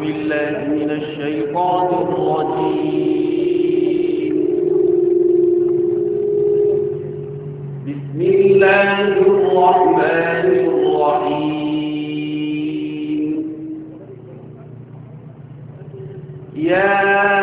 بالله من الشيطان الرجيم بسم الله الرحمن الرحيم يا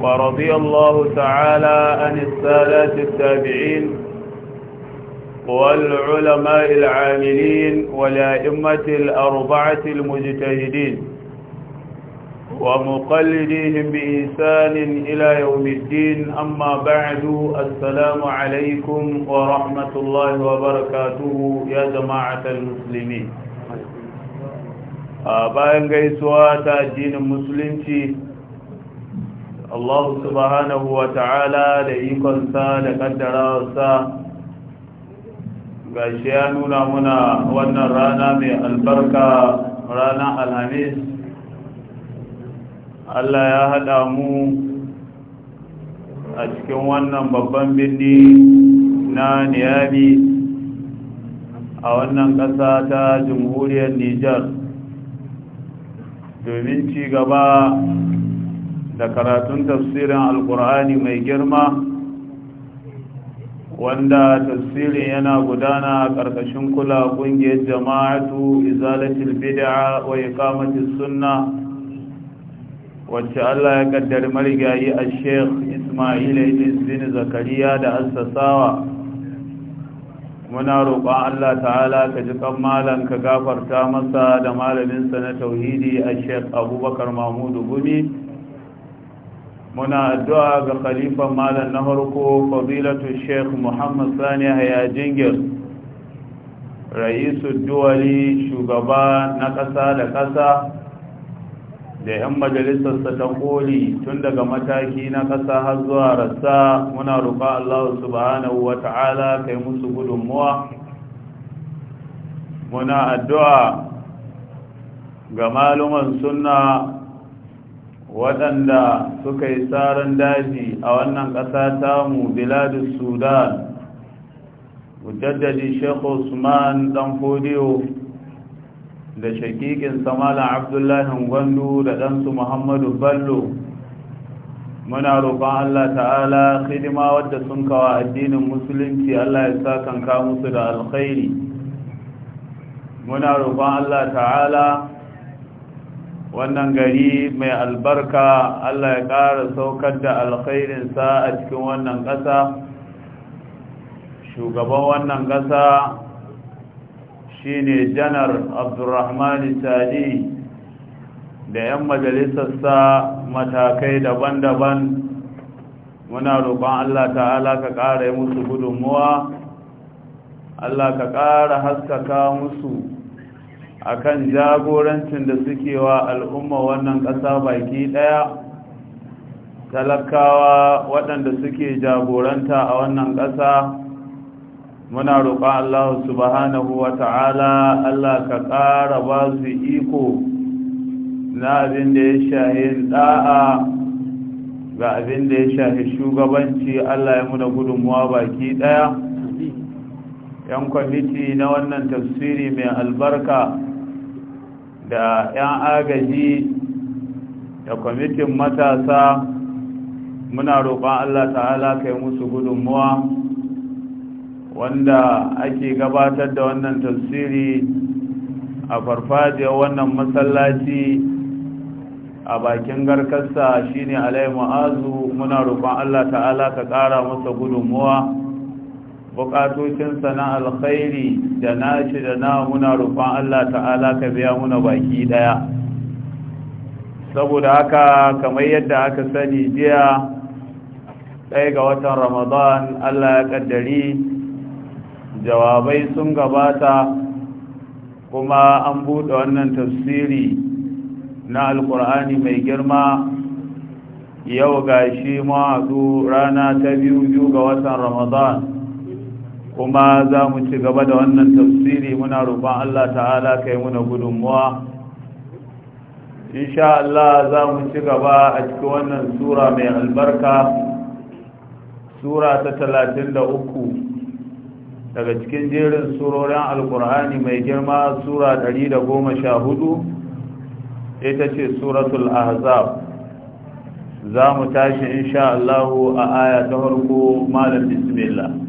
ورضي الله تعالى عن السادات التابعين والعلماء العاملين والأئمة الأربعة المجتهدين ومقلديهم بإنسان إلى يوم الدين أما بعد السلام عليكم ورحمة الله وبركاته يا جماعة المسلمين bayan gaisuwa ta المسلمين Allah subhanahu wa ta'ala da ikonsa da ƙaddararsa. ga shi ya nuna muna wannan rana mai albarka ranar alhamis Allah ya haɗa mu a cikin wannan babban birni na niyami a wannan ƙasa ta jamhuriyar Nijar domin ci gaba da karatun tafsirin alkur'ani mai girma wanda tafsirin yana gudana a ƙarƙashin kula ƙungiyar jama'atu izalatul bid'a wa iqamatis sunna wacce Allah ya kaddari marigayi a Sheikh Ismail Ibn Zakariya da assasawa muna roƙon Allah ta'ala ka ji kan malam ka gafarta masa da malaminsa na tauhidi a Sheikh Abubakar Mahmudu Gumi muna addu'a ga khalifan malam na harko fadilatu sheikh muhammad sani haya jingir ra'isu duwali shugaba na ƙasa da ƙasa da 'yan majalisarsa ta koli tun daga mataki na ƙasa har zuwa rasa, muna rufa allahu subhanahu wa ta'ala kai musu gudunmuwa muna addu'a ga malaman sunna waɗanda suka yi tsarin daji a wannan ƙasa mu Biladu sudan mujaddadi shekhu usman dan fodiyo da shakikin samala abdullahi gwandu da ɗansu muhammadu ballo muna roƙon allah ta'ala hidima wadda sun kawo addinin musulunci allah ya sa kanka musu da alkhairi muna roƙon allah ta'ala wannan gari mai albarka Allah ya ƙara saukar da alkhairin sa a cikin wannan ƙasa shugaban wannan ƙasa shine janar abdurrahman sadi da 'yan majalisarsa matakai daban-daban muna roƙon Allah ta'ala ka ƙara yi musu gudunmuwa Allah ka ƙara haskaka musu akan jagorancin da suke wa al'umma wannan ƙasa baki ɗaya talakawa waɗanda suke jagoranta a wannan ƙasa muna roƙa Allah subhanahu wa ta'ala Allah ka ƙara ba su iko na abin da ya shahi ɗa'a ga abin da ya shahi shugabanci Allah ya muna gudunmuwa baki ɗaya yan kwamiti na wannan tafsiri mai albarka da 'yan agaji da kwamitin matasa muna roƙon Allah ta'ala kai musu gudunmuwa wanda ake gabatar da wannan tafsiri a farfajiyar wannan masallaci a bakin garkarsa shine alai ma'azu muna roƙon Allah ta'ala ka ƙara masa gudunmuwa buƙatocin sana'ar alkhairi da nashi da na muna rufan Allah ta'ala ka biya muna baki daya saboda haka kamar yadda aka sani jiya ɗaya ga watan ramadan Allah ya ƙaddari. jawabai sun gabata kuma an buɗe wannan tafsiri na alkur'ani mai girma yau ga shi mawazu rana ta biyu biyu ga watan ramadan kuma za mu ci gaba da wannan tafsiri muna roƙon Allah ta'ala kai muna gudunmuwa insha Allah za mu ci gaba a cikin wannan sura mai albarka sura ta talatin da uku daga cikin jerin surorin alkur'ani mai girma sura ɗari da goma sha hudu ita ce suratul ahzab za mu tashi insha Allahu a aya ta farko malam bismillah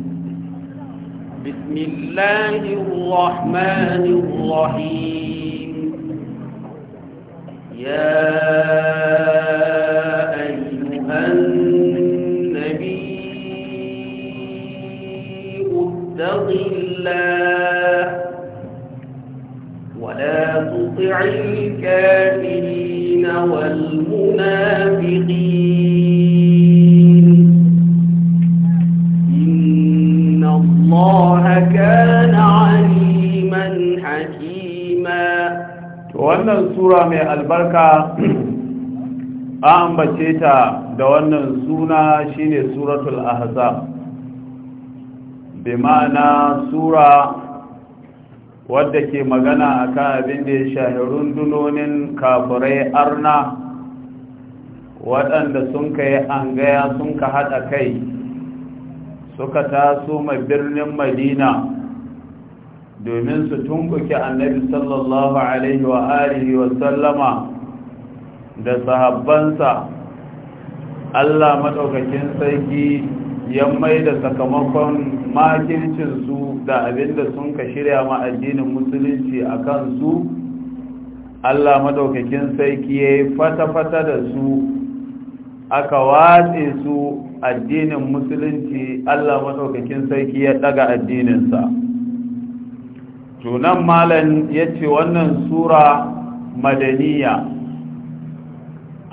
بسم الله الرحمن الرحيم يا أيها النبي اتق الله ولا تطع الكافرين والمنافقين wannan sura mai albarka a ambace ta da wannan suna shine suratul ahzab bi ma'ana sura wadda ke magana akan abin da ya shahi rundunonin kafirai arna waɗanda sun ka yi angaya sun ka haɗa kai suka taso mai birnin madina domin su tunkuke annabi sallallahu alaihi wa alihi wa sallama da sahabbansa Allah madaukakin sarki ya mai da sakamakon su da abinda sun ka shirya ma addinin musulunci a su Allah madaukakin sarki ya yi fata-fata da su aka watse su addinin musulunci Allah madaukakin sarki ya daga addininsa tunan Malam ya ce wannan sura madaniya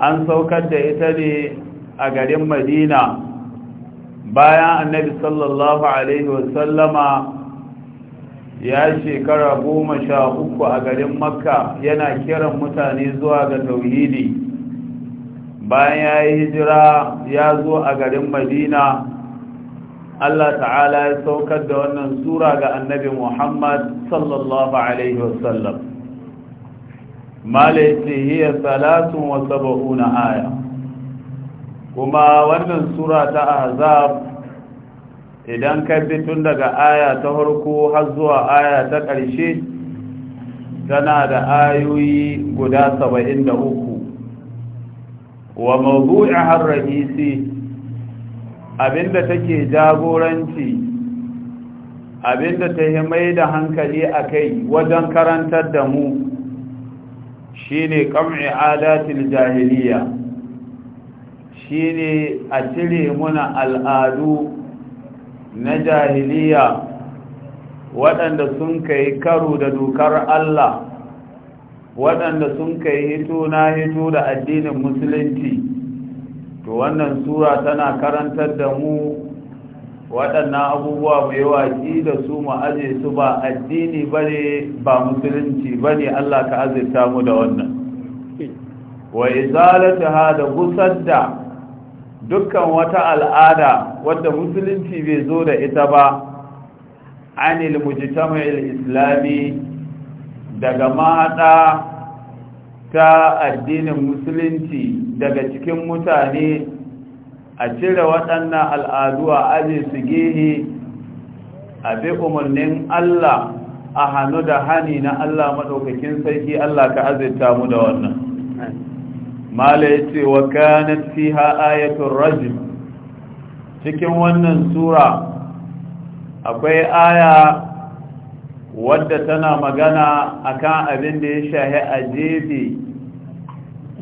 an saukar da ita ne a garin madina bayan annabi sallallahu alaihi wasallama ya shekara goma sha uku a garin makka yana kiran mutane zuwa ga tauhidi bayan ya yi hijira ya zo a garin madina Allah ta'ala ya saukar da wannan sura ga annabi Muhammad sallallahu alaihi wasallam malaiti hiya salatun wa saba'una aya kuma wannan sura ta ahzab idan ka bi tun daga aya ta farko har zuwa aya ta ƙarshe tana da ayoyi guda saba'in da uku wa mawdu'i har rahisi abinda take jagoranci abinda ta yi mai da hankali a kai wajen karantar da mu shine kam'i adatil jahiliya shine a cire muna al'adu na jahiliya waɗanda sun kai karo da dokar Allah waɗanda sun kai hito na hito da addinin musulunci to wannan sura tana karantar da mu waɗannan abubuwa mai waƙi da su ma'aje su ba addini ba ne ba musulunci ba ne Allah ka azirta mu da wannan wa izalata ha da gusar da dukkan wata al'ada wadda musulunci bai zo da ita ba anil mujtama'il islami daga mahaɗa ta addinin musulunci daga cikin mutane a cire waɗannan al'adu a aji su gehe a bi umarnin Allah a hannu da hani na Allah maɗaukakin sarki Allah ka azirta mu da wannan mala ya ce wa fi ha ayatun rajim cikin wannan sura akwai aya wadda tana magana akan abin da ya shahi a jefi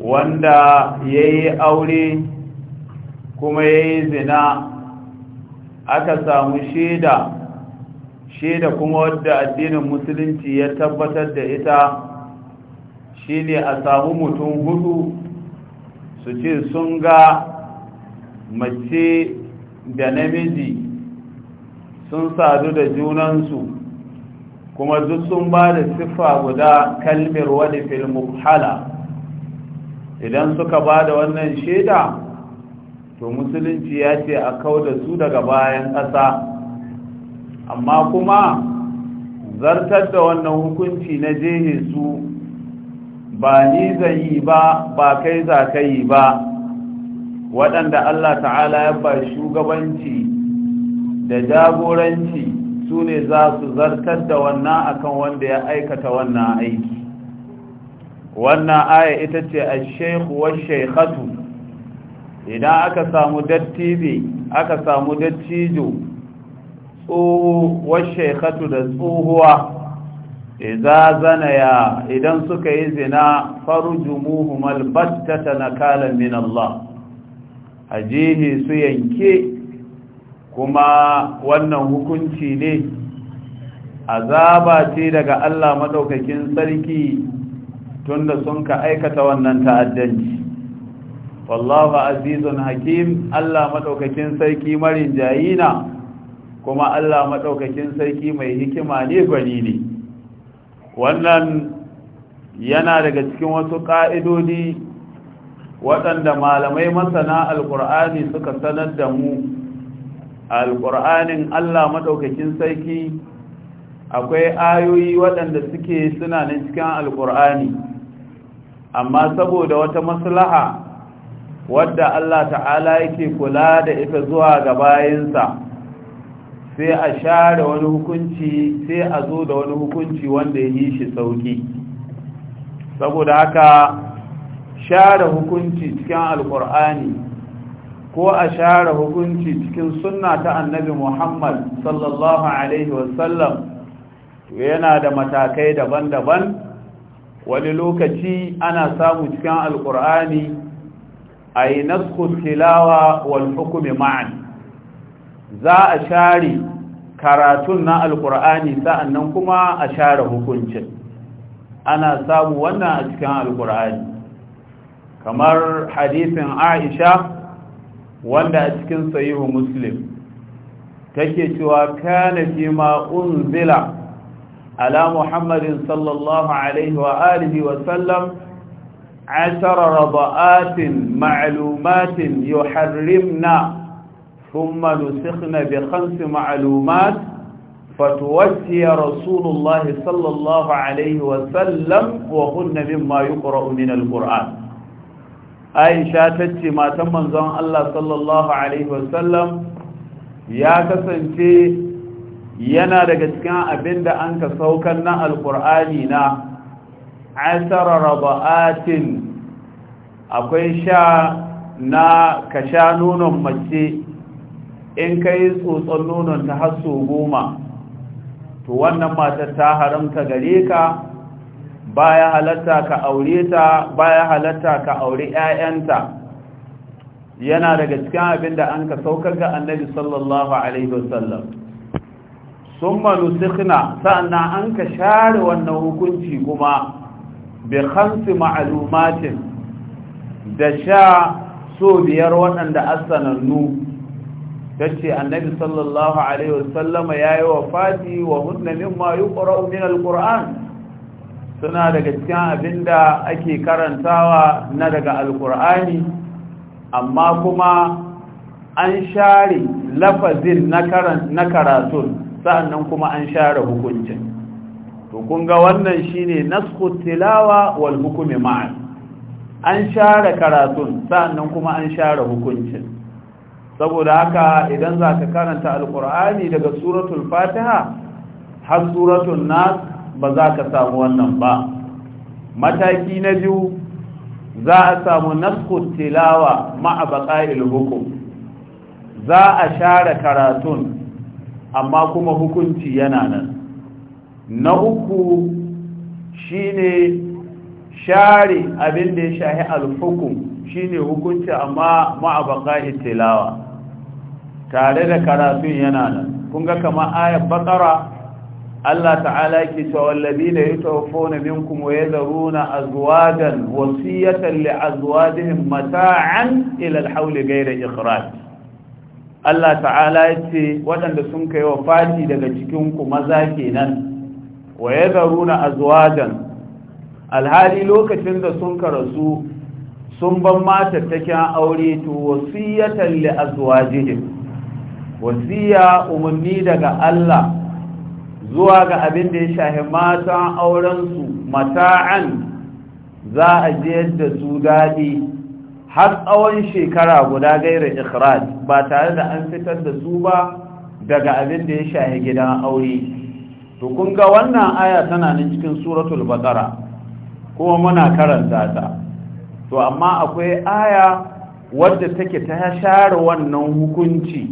wanda ya yi aure kuma ya yi zina aka samu shaida shaida kuma wadda addinin musulunci ya tabbatar da ita shi ne a samu mutum hudu su ce sun ga mace da namiji sun sadu da junansu kuma duk sun ba da siffa guda kalmar wani filmu hala. idan suka ba da wannan shaida to musulunci ya ce a kau da su daga bayan ƙasa amma kuma zartar da wannan hukunci na jehe su ba ni zan yi ba ba kai za ka yi ba waɗanda Allah ta'ala ya ba shugabanci da jagoranci su ne za su zartar da wannan akan wanda ya aikata wannan aiki wannan aya ita ce al-shaykhu wa shaykhatu idan aka samu dattibi aka samu dattijo wa shaykhatu da tsohuwa idza zanaya idan suka yi zina farjumuhum al-battata nakalan min Allah ajihi su yanke kuma wannan hukunci ne azaba ce daga Allah madaukakin sarki tunda sun ka aikata wannan ta'addanci wallahu azizun hakim Allah madaukakin sarki marin jayina kuma Allah madaukakin sarki mai hikima ne gwani ne wannan yana daga cikin wasu ka'idodi, waɗanda malamai masana alƙur'ani suka sanar da mu alƙur'anin Allah maɗaukakin sarki akwai ayoyi waɗanda suke suna nan cikin alƙur'ani amma saboda wata maslaha wadda Allah ta'ala yake kula da ita zuwa ga bayinsa sai a share wani hukunci sai a zo da wani hukunci wanda ya yi shi sauki saboda haka share hukunci cikin alkur'ani ko a share hukunci cikin sunna ta annabi muhammad sallallahu alaihi wasallam yana da matakai daban-daban wani lokaci ana samu cikin Alƙur'ani. a yi tilawa wal hukumi ma'an za a share karatun na alkur'ani sa'annan kuma a share hukuncin ana samu wannan a cikin alkur'ani kamar hadisin aisha wanda a cikin sayihu muslim take cewa kana fi ma Zila. على محمد صلى الله عليه وآله وسلم عشر رضاءات معلومات يحرمنا ثم نسخنا بخمس معلومات فتوفي رسول الله صلى الله عليه وسلم وهن مما يقرأ من القرآن aisha ta ce matan manzon Allah sallallahu Alaihi wasallam ya kasance yana daga cikin abin da an ka saukan na alkur'ani na asara raba'atin akwai sha na ka sha nonon mace in ka yi tsotson nonon ta hasso goma to wannan matar ta haramta gare ka baya halatta ka aure ta baya halatta ka aure 'ya'yanta yana daga cikin abin da an ka saukar ga annabi sallallahu alaihi wasallam sun manusikna sa'annan an ka share wannan hukunci kuma bi hansu ma'alumatin da sha so biyar waɗanda asanannu ta ce annabi sallallahu alaihi wasallama ya yi wa fati wa hunna ma yi ƙura'u min suna daga cikin abin da ake karantawa na daga alƙura'ani amma kuma an share lafazin na karatun sa'annan kuma an share hukuncin to kun ga wannan shine nasku tilawa wal hukumi ma'an an share karatun sa'annan kuma an share hukuncin saboda haka idan za ka karanta alkur'ani daga suratul fatiha har suratul nas ba za ka samu wannan ba mataki na biyu za a samu nasku tilawa ma'a hukum za a share karatun amma kuma hukunci yana nan na uku shine share abin da ya shahi alhukum shine hukunci amma ma'abaka tilawa tare da karatun yana nan kunga kama ayat bakara Allah ta'ala ke cewa wallazina yatawaffawna minkum wa yadharuna azwajan wasiyatan li azwajihim mata'an ila al-hawli ghayra ikhraj Allah ta'ala ya ce waɗanda sun kai wa fati daga cikinku maza kenan wa ya zaruna azwajan alhali lokacin da sun karasu sun ban matattakin aure to wasiyatan li azwajihim wasiya umarni daga Allah zuwa ga abin da ya shahi matan aurensu mata'an za a je da su daɗi har tsawon shekara guda gaira ikhraj ba tare da an fitar da su ba daga abin da ya shahi gidan aure to kun ga wannan aya tana nan cikin suratul baqara kuma muna karanta ta to amma akwai aya wadda take ta share wannan hukunci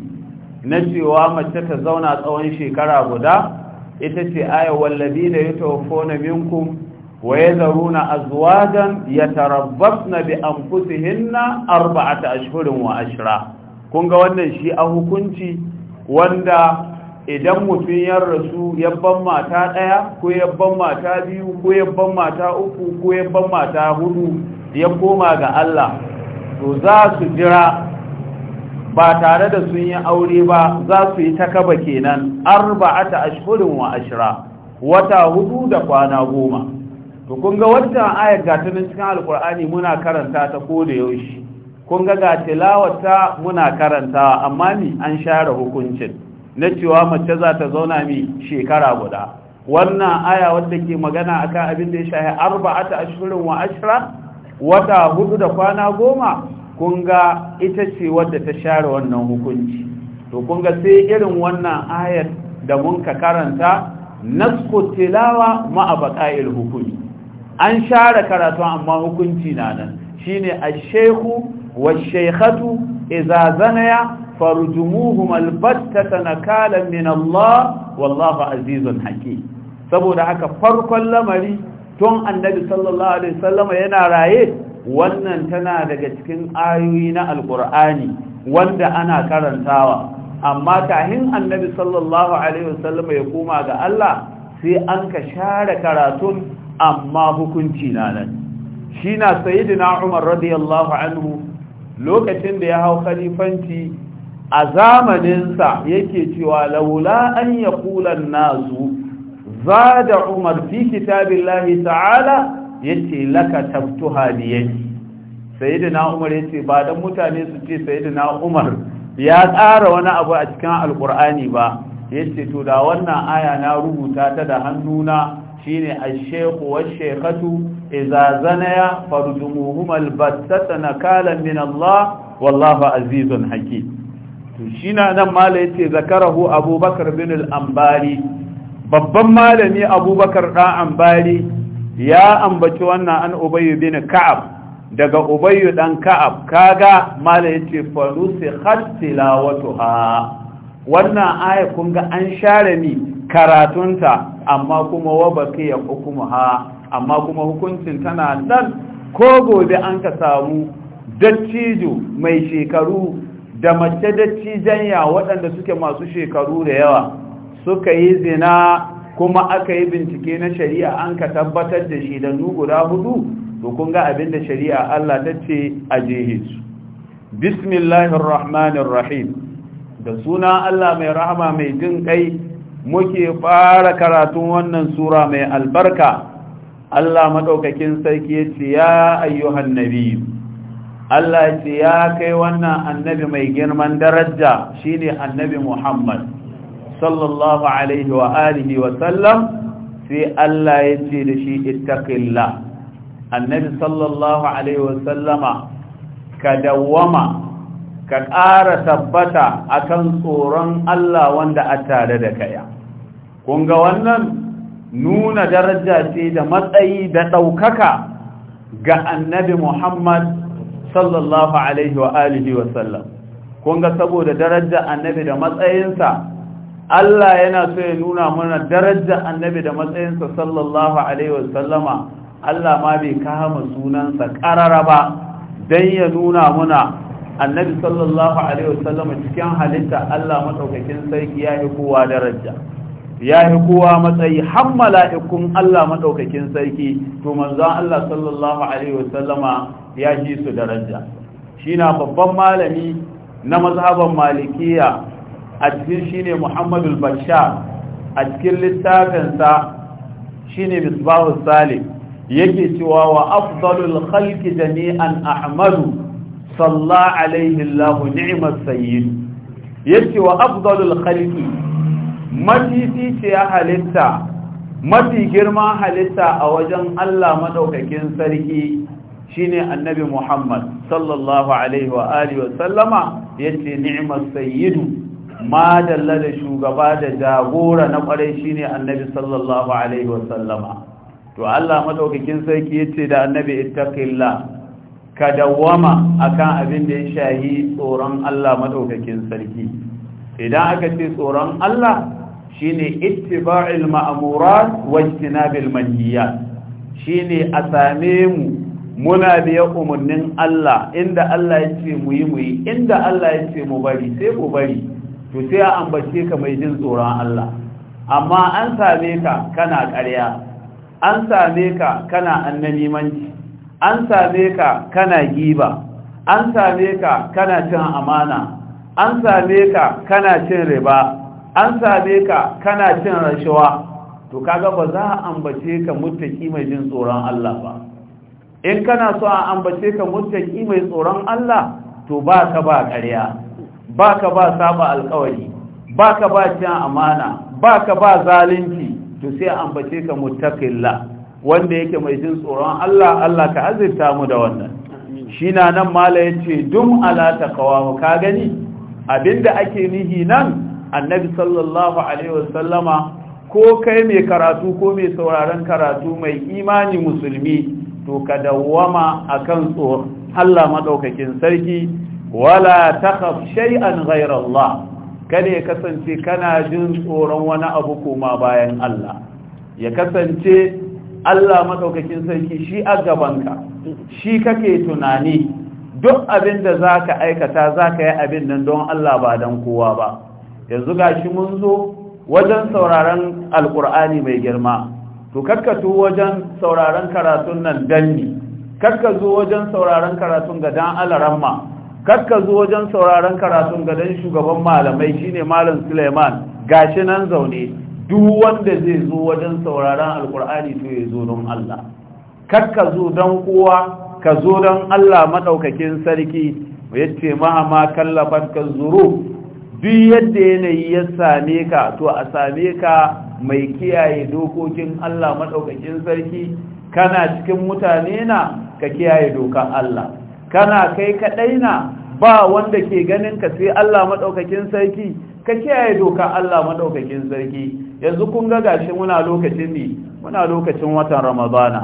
na cewa mace ta zauna tsawon shekara guda ita ce aya wallabi da ya minkum wa yadharuna azwajan yatarabbasna bi anfusihinna arba'ata ashhurin wa ashra kun ga wannan shi a hukunci wanda idan mutum ya rasu yabban mata ɗaya ko yabban mata biyu ko yabban mata uku ko yabban mata hudu ya koma ga Allah to za su jira ba tare da sun yi aure ba za su yi ta kaba kenan arba'ata ashhurin wa ashra wata hudu da kwana goma to kun ga wata ayar ga ta cikin alkur'ani muna karanta ta ko da yaushe kun ga ga tilawata muna karanta amma ni an share hukuncin na cewa mace za ta zauna mi shekara guda wannan aya wadda ke magana akan abin da ya shahi arba'ata ashirin wa ashra wata hudu da kwana goma kun ga ita ce wadda ta share wannan hukunci to kun ga sai irin wannan ayar da mun ka karanta nasku tilawa ma'a baƙa'il hukumi an share karatu amma hukunci na nan shine ash-shaykhu wash-shaykhatu idza zanaya farjumuhum albattatan nakalan min Allah wallahu azizun hakim saboda haka farkon lamari tun annabi sallallahu alaihi wasallam yana raye wannan tana daga cikin ayoyi na alƙur'ani wanda ana karantawa amma kahin annabi sallallahu alaihi wasallam ya koma ga Allah sai an ka share karatun amma hukunci na nan shi na sayidina umar radiyallahu anhu lokacin da ya hau kalifanci a zamaninsa yake cewa laula an ya kulan nazu za da umar fi lahi ta'ala ya ce laka tabtuha biyaki sayidina umar ya ce ba don mutane su ce sayidina umar ya tsara wani abu a cikin alkur'ani ba ya ce to da wannan aya na rubuta ta da hannuna shine ne shaykhu wash-shaykhatu idza zanaya farjumuhuma al-battata nakalan min Allah azizun hakim to nan mala yace zakarahu Abubakar bin al babban malami Abubakar ɗan ambari ya ambaci wannan an ubayu bin Ka'ab daga Ubay dan Ka'ab kaga mala yace hatsila khat ha. wannan aya kun an share ni karatunta amma kuma wa baqiya ha amma kuma hukuncin tana nan ko gobe an ka samu dattijo mai shekaru da mace dattijanya waɗanda suke masu shekaru da yawa suka yi zina kuma aka yi bincike na shari'a an ka tabbatar da shi da guda hudu to kun ga abin da shari'a Allah ta ce a jehe su bismillahir rahim da suna Allah mai rahama mai jin kai muke fara karatun wannan sura mai albarka Allah maɗaukakin sarki yace ya ayyuhan nabi Allah yace ya kai wannan annabi mai girman daraja shine annabi Muhammad sallallahu alaihi wa alihi wa sallam sai Allah yace da shi ittaqillah annabi sallallahu alaihi wa sallama ka dawwama ka ƙara tabbata akan tsoron Allah wanda a tare da kaya Kunga wannan nuna daraja ce da matsayi da ɗaukaka ga annabi Muhammad sallallahu alaihi wa alihi wa sallam Kunga saboda daraja annabi da matsayinsa Allah yana so ya nuna mana daraja annabi da matsayinsa sallallahu alaihi wa sallama Allah ma bai kama sunansa ƙarara ba don ya nuna muna annabi sallallahu alaihi wasallam cikin halitta Allah madaukakin sarki ya yi kowa daraja ya yi kowa matsayi har mala'ikun Allah madaukakin sarki to manzon Allah sallallahu alaihi wasallama ya ji su daraja shina babban malami na mazhaban malikiya a cikin shine Muhammadul Bashar a cikin littafinsa shine Misbahus Salim yake cewa wa afdalul khalqi jami'an ahmadu salla alaihi Allah ni'mat sayyid yace wa afdalul khalqi mafi ce ya halitta mafi girma halitta a wajen Allah madaukakin sarki shine annabi Muhammad sallallahu alaihi wa alihi wa sallama yace ni'mat sayyid ma dalla da shugaba da jagora na kwarai shine annabi sallallahu alaihi wa sallama to Allah madaukakin sarki yace da annabi ittaqillah ka dawwama akan abin da ya shahi tsoron Allah madaukakin sarki idan aka ce tsoron Allah shine ittiba'il ma'murat wa manhiyat shine a same mu muna biya umarnin Allah inda Allah ya ce mu yi mu yi inda Allah ya ce mu bari sai mu bari to sai a ambace ka mai jin tsoron Allah amma an same ka kana ƙarya an same ka kana annamimanci an same ka kana giba an same ka kana cin amana an same ka kana cin riba an same ka kana cin rashawa to kaga ba za a ambace ka muttaki mai jin tsoron Allah ba in kana so a ambace ka muttaki mai tsoron Allah to ba ka ba ƙarya ba ka ba saba alkawari ba ka ba cin amana ba ka ba zalunci to sai a ambace ka muttaqillah wanda yake mai jin tsoron Allah Allah ka azirta mu da wannan shi na nan mala ya ce dum ala ta kawamu ka gani abinda ake nihi nan annabi sallallahu alaihi wasallama ko kai mai karatu ko mai sauraron karatu mai imani musulmi to ka dawwama akan tsoron Allah madaukakin sarki wala takhaf shay'an ghayra Allah kada ya kasance kana jin tsoron wani abu kuma bayan Allah ya kasance Allah madaukakin sarki shi a gabanka shi kake tunani duk abin da zaka aikata zaka yi abin nan don Allah ba dan kowa ba yanzu gashi mun zo wajen sauraron alkur'ani mai girma to karkatu wajen sauraron karatun nan danni karka zo wajen sauraron karatun ga dan alaramma karka zo wajen sauraron karatun ga dan shugaban malamai shine malam Suleiman gashi nan zaune duk wanda zai zo wajen sauraron alkur'ani to ya zo don Allah kar ka zo don kowa ka zo don Allah maɗaukakin sarki ya maa ma kallafat ka zuru duk yadda yanayi ya same ka to a same ka mai kiyaye dokokin Allah maɗaukakin sarki kana cikin mutane na ka kiyaye dokan Allah kana kai kaɗai na ba wanda ke ganin ka sai Allah maɗaukakin sarki ka kiyaye doka Allah madaukakin sarki yanzu kun ga gashi muna lokacin ne muna lokacin watan Ramadana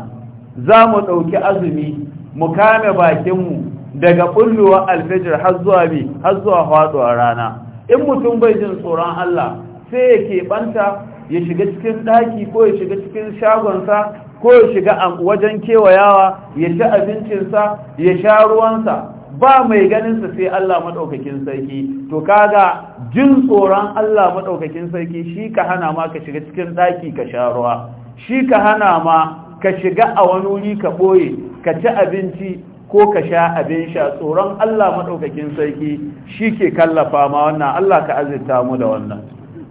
za mu dauki azumi mu kame bakin mu daga bullowa alfijir har zuwa bi har zuwa faduwar rana in mutum bai jin tsoron Allah sai yake keɓanta ya shiga cikin ɗaki ko ya shiga cikin shagonsa ko ya shiga wajen kewayawa ya ci abincinsa ya sha ruwansa ba mai ganinsa sai Allah maɗaukakin sarki to kaga jin tsoron Allah maɗaukakin sarki shi ka hana ma ka shiga cikin ɗaki ka sha ruwa shi ka hana ma ka shiga a wani wuri ka ɓoye ka ci abinci ko ka sha abin sha tsoron Allah maɗaukakin sarki shi ke kallafa ma wannan Allah ka azirta mu da wannan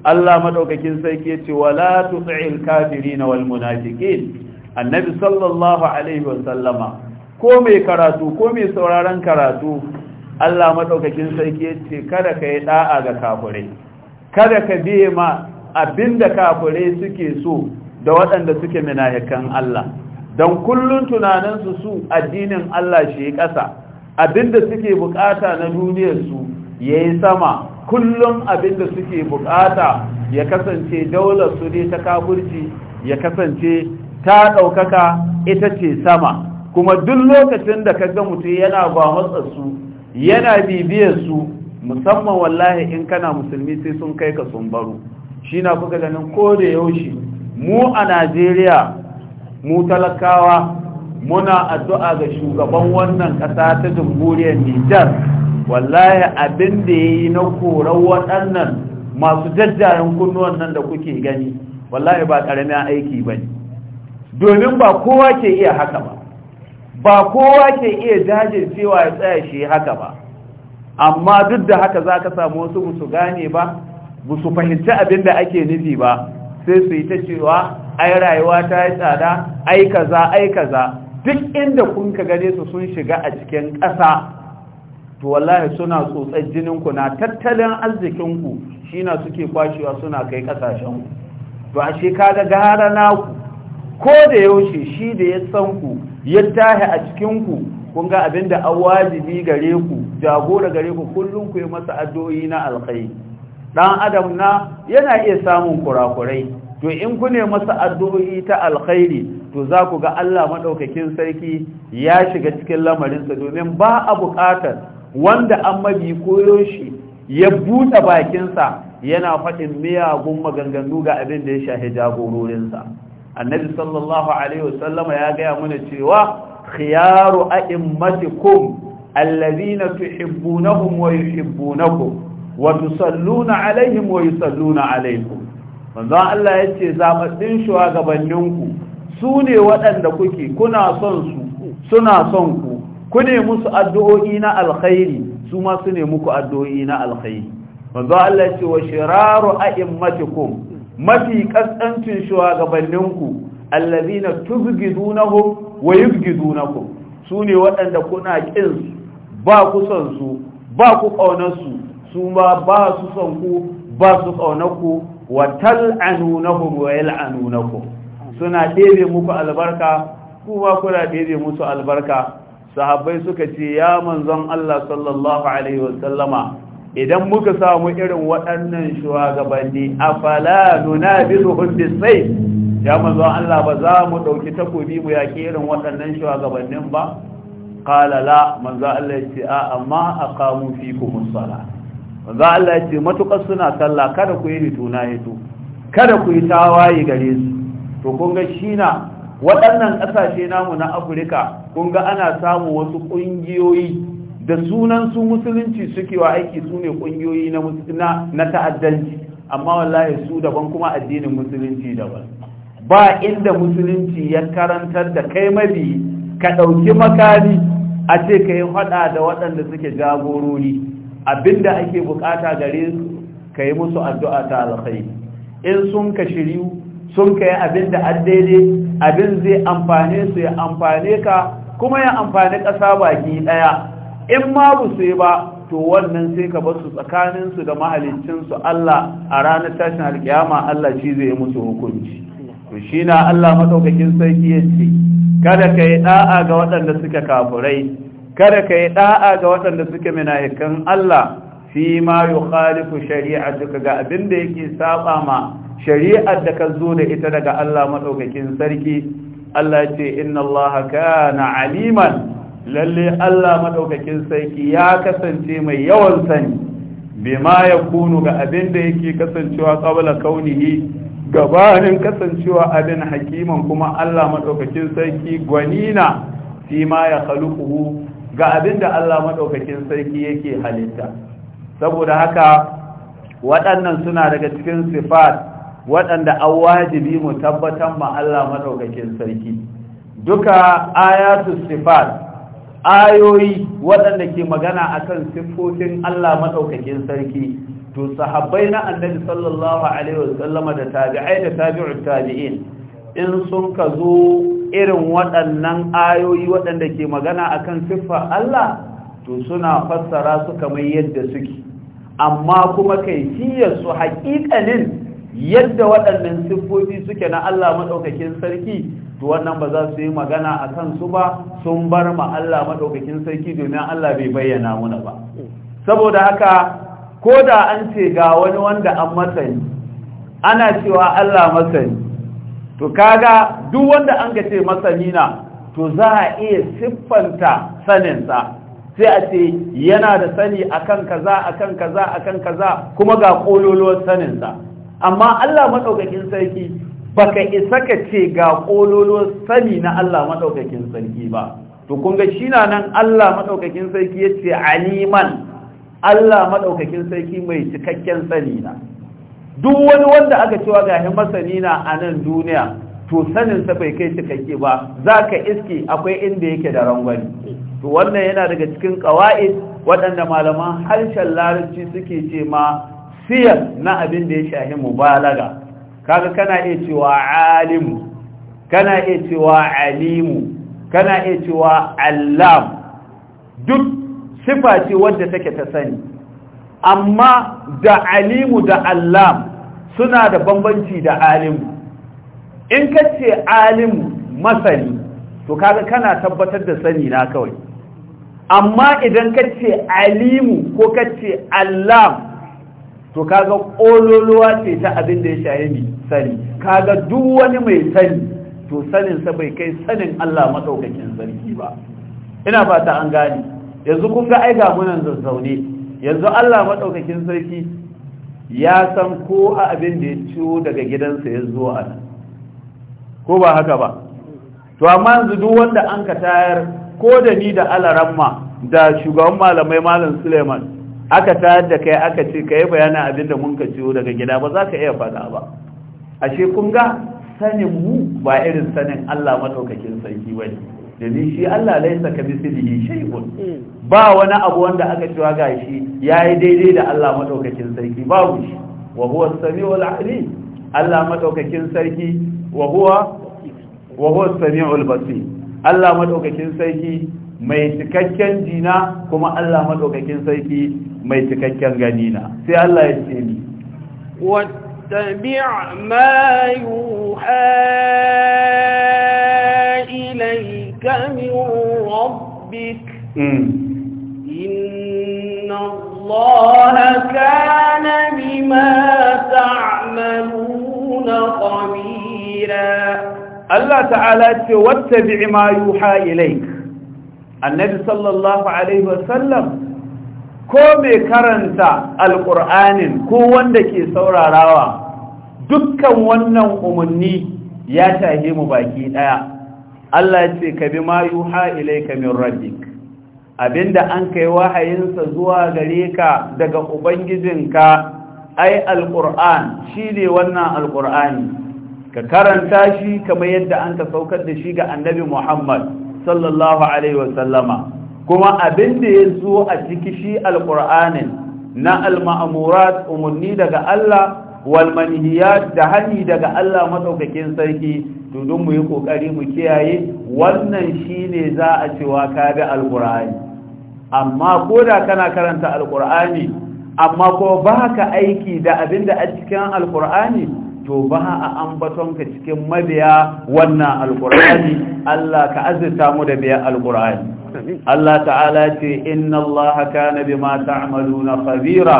Allah maɗaukakin sarki ya ce wala tutsi'il kafirina wal munafiqin annabi sallallahu alaihi wa sallama ko mai karatu ko mai sauraron karatu Allah maɗaukakin sarki yace kada ka yi ɗa'a ga kafure. kada ka biye ma abinda kafure suke so da waɗanda suke minahikan Allah don kullun tunaninsu su addinin Allah shi ƙasa abinda suke bukata na duniyarsu ya yi sama kullum abinda suke bukata ya kasance daular su ne ta kafurci ya kasance ta ɗaukaka ita ce sama kuma duk lokacin da ka ga mutum yana ba matsa su yana bibiyar su musamman wallahi in kana musulmi sai sun kai ka sun baro shi na kuka ganin ko da yaushe mu a najeriya mu talakawa muna addu'a ga shugaban wannan ƙasa ta jamhuriyar nijar wallahi abin da ya yi na korar waɗannan masu jajjayen kunnuwan nan da kuke gani wallahi ba ƙaramin aiki ba domin ba kowa ke iya haka ba ba kowa ke iya dajin cewa ya tsaya shi haka ba amma duk da haka za ka samu wasu musu gane ba musu fahimci abin da ake nufi ba sai su yi ta cewa ai rayuwa ta yi tsada ai kaza ai kaza duk inda kun ka gane su sun shiga a cikin ƙasa to wallahi suna tsotsar jininku na tattalin arzikinku shi na suke kwashewa suna kai ku. to ashe kaga gara naku ko da yaushe shi da ya san ku ya tahi a cikin ku kun ga abin da an wajibi gare ku jagora gare ku kullum ku yi masa addu'o'i na alkhairi dan adam na yana iya samun kurakurai to in ku ne masa addu'o'i ta alkhairi to za ku ga Allah madaukakin sarki ya shiga cikin lamarinsa domin ba a buƙatar wanda an mabi koyo shi ya buɗe bakinsa yana faɗin miyagun maganganu ga abin da ya shahi jagororinsa annabi sallallahu alaihi wasallama ya gaya mana cewa khiyaru a'immatikum allazina tuhibbunahum wa yuhibbunakum wa tusalluna alaihim wa yusalluna alaikum manzo Allah yace zabaddin shugabanninku sune waɗanda kuke kuna son su suna son ku ku ne musu addu'o'i na alkhairi su ma su ne muku addu'o'i na alkhairi manzo Allah yace wa shiraru a'immatikum mafi kaskancin shugabanninku allazina tuzgidunahum wa su sune waɗanda kuna kin ba ku son su ba ku kaunar su su ma ba su son ku ba su kaunar ku wa tal'anunahum wa yal'anunakum suna ɗebe muku albarka kuma kuna ɗebe musu albarka sahabbai suka ce ya manzon Allah sallallahu alaihi wasallama idan muka samu irin waɗannan shugabanni bisu hundis sai. ya manzo Allah ba za mu ɗauki takobi mu ke irin waɗannan shugabannin ba qala la manzo Allah ce a amma kamu fi as-salah manzo Allah ce matuƙar suna sallah kada ku yi tuna hito kada ku yi tawaye gare su to kun ga shi na waɗannan ƙasashe namu na Afirka kun ga ana samu wasu ƙungiyoyi da sunan su musulunci suke wa aiki su ne kungiyoyi na na ta'addanci amma wallahi su daban kuma addinin musulunci daban ba inda musulunci ya karantar da kai mabi ka ɗauki makami a ce ka yi haɗa da waɗanda suke jagorori abinda ake bukata gare su ka yi musu addu'a ta alkhairi in sun ka shiryu sun ka yi abin da daidai abin zai amfane su ya amfane ka kuma ya amfani ƙasa baki ɗaya in ma bu sai ba to wannan sai ka basu tsakaninsu da mahaliccinsu Allah a ranar tashin alkiyama Allah shi zai musu hukunci to shi na Allah madaukakin sarki ya ce kada ka yi da'a ga waɗanda suka kafurai kada ka yi da'a ga waɗanda suka minahikan Allah fi ma shari'a duka ga abin da yake saba ma shari'ar da ka zo da ita daga Allah madaukakin sarki Allah ya ce inna Allah kana aliman lalle Allah madaukakin sarki ya kasance mai yawan sani ma ya kunu ga abin da yake kasancewa qabla kaunihi gabanin kasancewa abin hakiman kuma Allah madaukakin sarki gwanina fi ma ya khaluquhu ga abin da Allah madaukakin sarki yake halitta saboda haka waɗannan suna daga cikin sifat waɗanda an wajibi mu tabbatar ma Allah madaukakin sarki duka ayatu sifat ayoyi waɗanda ke magana akan siffofin Allah maɗaukakin sarki to sahabbai na annabi sallallahu alaihi wasallama da tabi'ai da tabi'ut tabi'in in sun ka zo irin waɗannan ayoyi waɗanda ke magana akan siffar Allah to suna fassara su kamar yadda suke amma kuma kaifiyar su haƙiƙanin yadda waɗannan siffofi suke na Allah maɗaukakin sarki to wannan ba za su yi magana a su ba sun bar ma Allah madaukakin sarki domin Allah bai bayyana muna ba saboda haka ko da an ce ga wani wanda an masani ana cewa Allah masani to kaga duk wanda an ga ce masani na to za a iya siffanta saninsa sai a ce yana da sani akan kaza akan kaza akan kaza kuma ga kololuwar saninsa amma Allah madaukakin sarki baka isa ka ce ga kololo sani na Allah madaukakin sarki ba to kun ga shi na nan Allah madaukakin sarki yace aliman Allah maɗaukakin sarki mai cikakken sani na duk wani wanda aka cewa ga masani na a nan duniya to saninsa bai kai cikakke ba za ka iske akwai inda yake da rangwani to wannan yana daga cikin ƙawa'id waɗanda malaman harshen larabci suke ce ma siyar na abin da ya shahi mubalaga kaga kana iya cewa alimu kana iya cewa alimu kana iya cewa allam duk sifa ce wadda take ta sani amma da alimu da allam suna da bambanci da alimu in ka ce alimu masani to kaga kana tabbatar da sani na kawai amma idan ka ce alimu ko ka ce allam to kaga ƙololuwa ce ta abin da ya shaye mi sani kaga duk wani mai sani to saninsa bai kai sanin Allah maɗaukakin sarki ba ina fata an gane yanzu kun ga aiga munan zazzaune yanzu Allah maɗaukakin sarki ya san ko a abin da ya ciwo daga gidansa ya zo a nan ko ba haka ba to amma yanzu duk wanda an ka tayar ko da ni da alaramma da shugaban malamai malam suleiman aka tayar da kai aka ce ka yi bayanin abin da mun ka ciwo daga gida ba za ka iya faɗa ba ashe kun ga sanin mu ba irin sanin Allah madaukakin sarki ba ne domin shi Allah laisa ka mislihi shay'un ba wani abu wanda aka cewa gashi yayi daidai da Allah madaukakin sarki babu shi wa huwa as-sami'ul alim Allah madaukakin sarki wa huwa wa huwa as-sami'ul basir Allah madaukakin sarki mai cikakken jina kuma Allah madaukakin sarki mai cikakken gani na sai Allah ya ce ni wattabi' ma yuha ilayka min rabbik inna allaha kana bima ta'maluna khabira Allah ta'ala ce wattabi' ma yuha ilayka annabi sallallahu alaihi wasallam ko mai karanta alƙur'anin ko wanda ke saurarawa dukkan wannan umarni ya tahe mu baki ɗaya Allah ce ka bi ma yuha ilayka min rabbik abinda an kai wahayinsa zuwa gare ka daga ubangijinka ai alqur'an shine wannan alqur'ani ka karanta shi kamar yadda an ka saukar da shi ga annabi Muhammad sallallahu alaihi wasallama kuma abin da ya zo a ciki shi alƙur'anin na al-ma'amurat umurni daga Allah wal manhiyat da hani daga Allah madaukakin sarki to don mu yi kokari mu kiyaye wannan shine za a cewa ka bi alqur'ani amma koda kana karanta alqur'ani amma ko baka aiki da abinda a cikin alqur'ani to ba a ambatonka cikin mabiya wannan alkur'ani Allah ka azurta mu da biya alkur'ani Allah ta'ala ce inna Allah kana bima ta'maluna khabira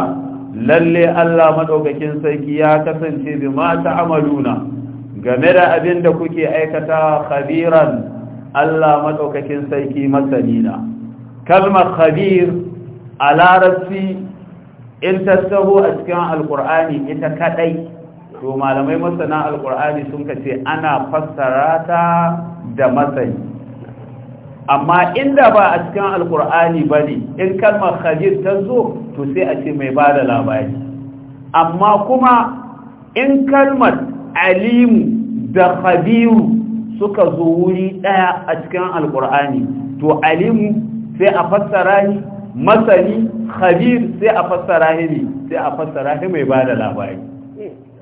lalle Allah madaukakin sarki ya kasance bima ta'maluna game da abin da kuke aikata khabiran Allah madaukakin sarki masanina kalmar khabir a larabci in ta a cikin alkur'ani ita kadai to malamai masana alkur'ani sun kace ana fassara ta da matsayi amma inda ba a cikin alkur'ani ba ne in kalmar khadir ta zo to sai a ce mai ba labari amma kuma in kalmar alimu da khabiru suka zo wuri ɗaya a cikin alkur'ani to alimu sai a fassara ni masani khabir sai a fassara ni sai a fassara ni mai bada labari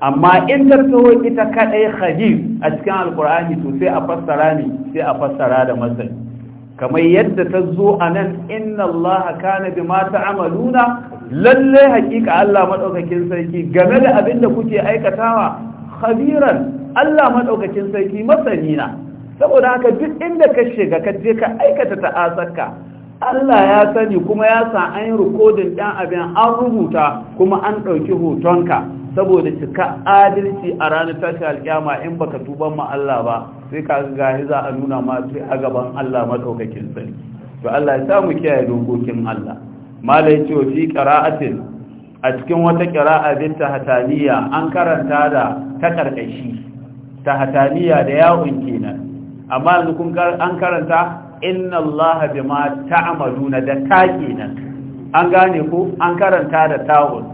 amma in ta taho ita kaɗai hadis a cikin alkur'ani to sai a fassara ne sai a fassara da masani kamar yadda ta zo a nan inna allah kana mata amaluna lalle hakika Allah madaukakin sarki game da abin da kuke aikatawa khabiran Allah maɗaukakin sarki masani na saboda haka duk inda ka shiga ka je ka aikata ta'asarka Allah ya sani kuma ya sa an yi rikodin ɗan abin an rubuta kuma an ɗauki hotonka saboda cika adalci a ranar tashi alƙyama in baka tuban ma Allah ba sai ka ga za a nuna ma sai a gaban Allah madaukakin sani. to Allah ya samu kiyaye dokokin Allah ya ce fi ƙara'atin a cikin wata bin ta hataniya an karanta da ta ƙarƙashi. Ta hataniya da yawun kenan amma yanzu kun an karanta inna Allah bima ta'maluna da ta kenan an gane ko an karanta da ta'un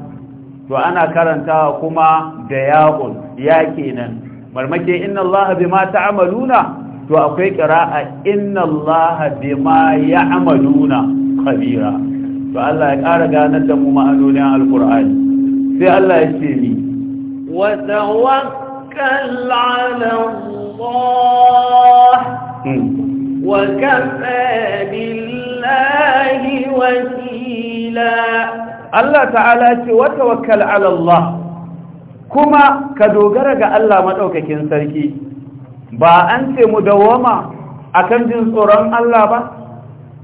to ana karantawa kuma da ya'un ya kenan marmake inna Allah bima ta'maluna to akwai qira'a inna Allah bima ya'maluna kabira to Allah ya ƙara ganar da mu ma'anonin alqur'ani sai Allah ya ce ni wa tawakkal 'ala Allah hmm. wa kafa billahi wakila Allah ta'ala ce wata wakal ala Allah kuma ka dogara ga Allah maɗaukakin sarki ba an ce mu dawoma kan jin tsoron Allah ba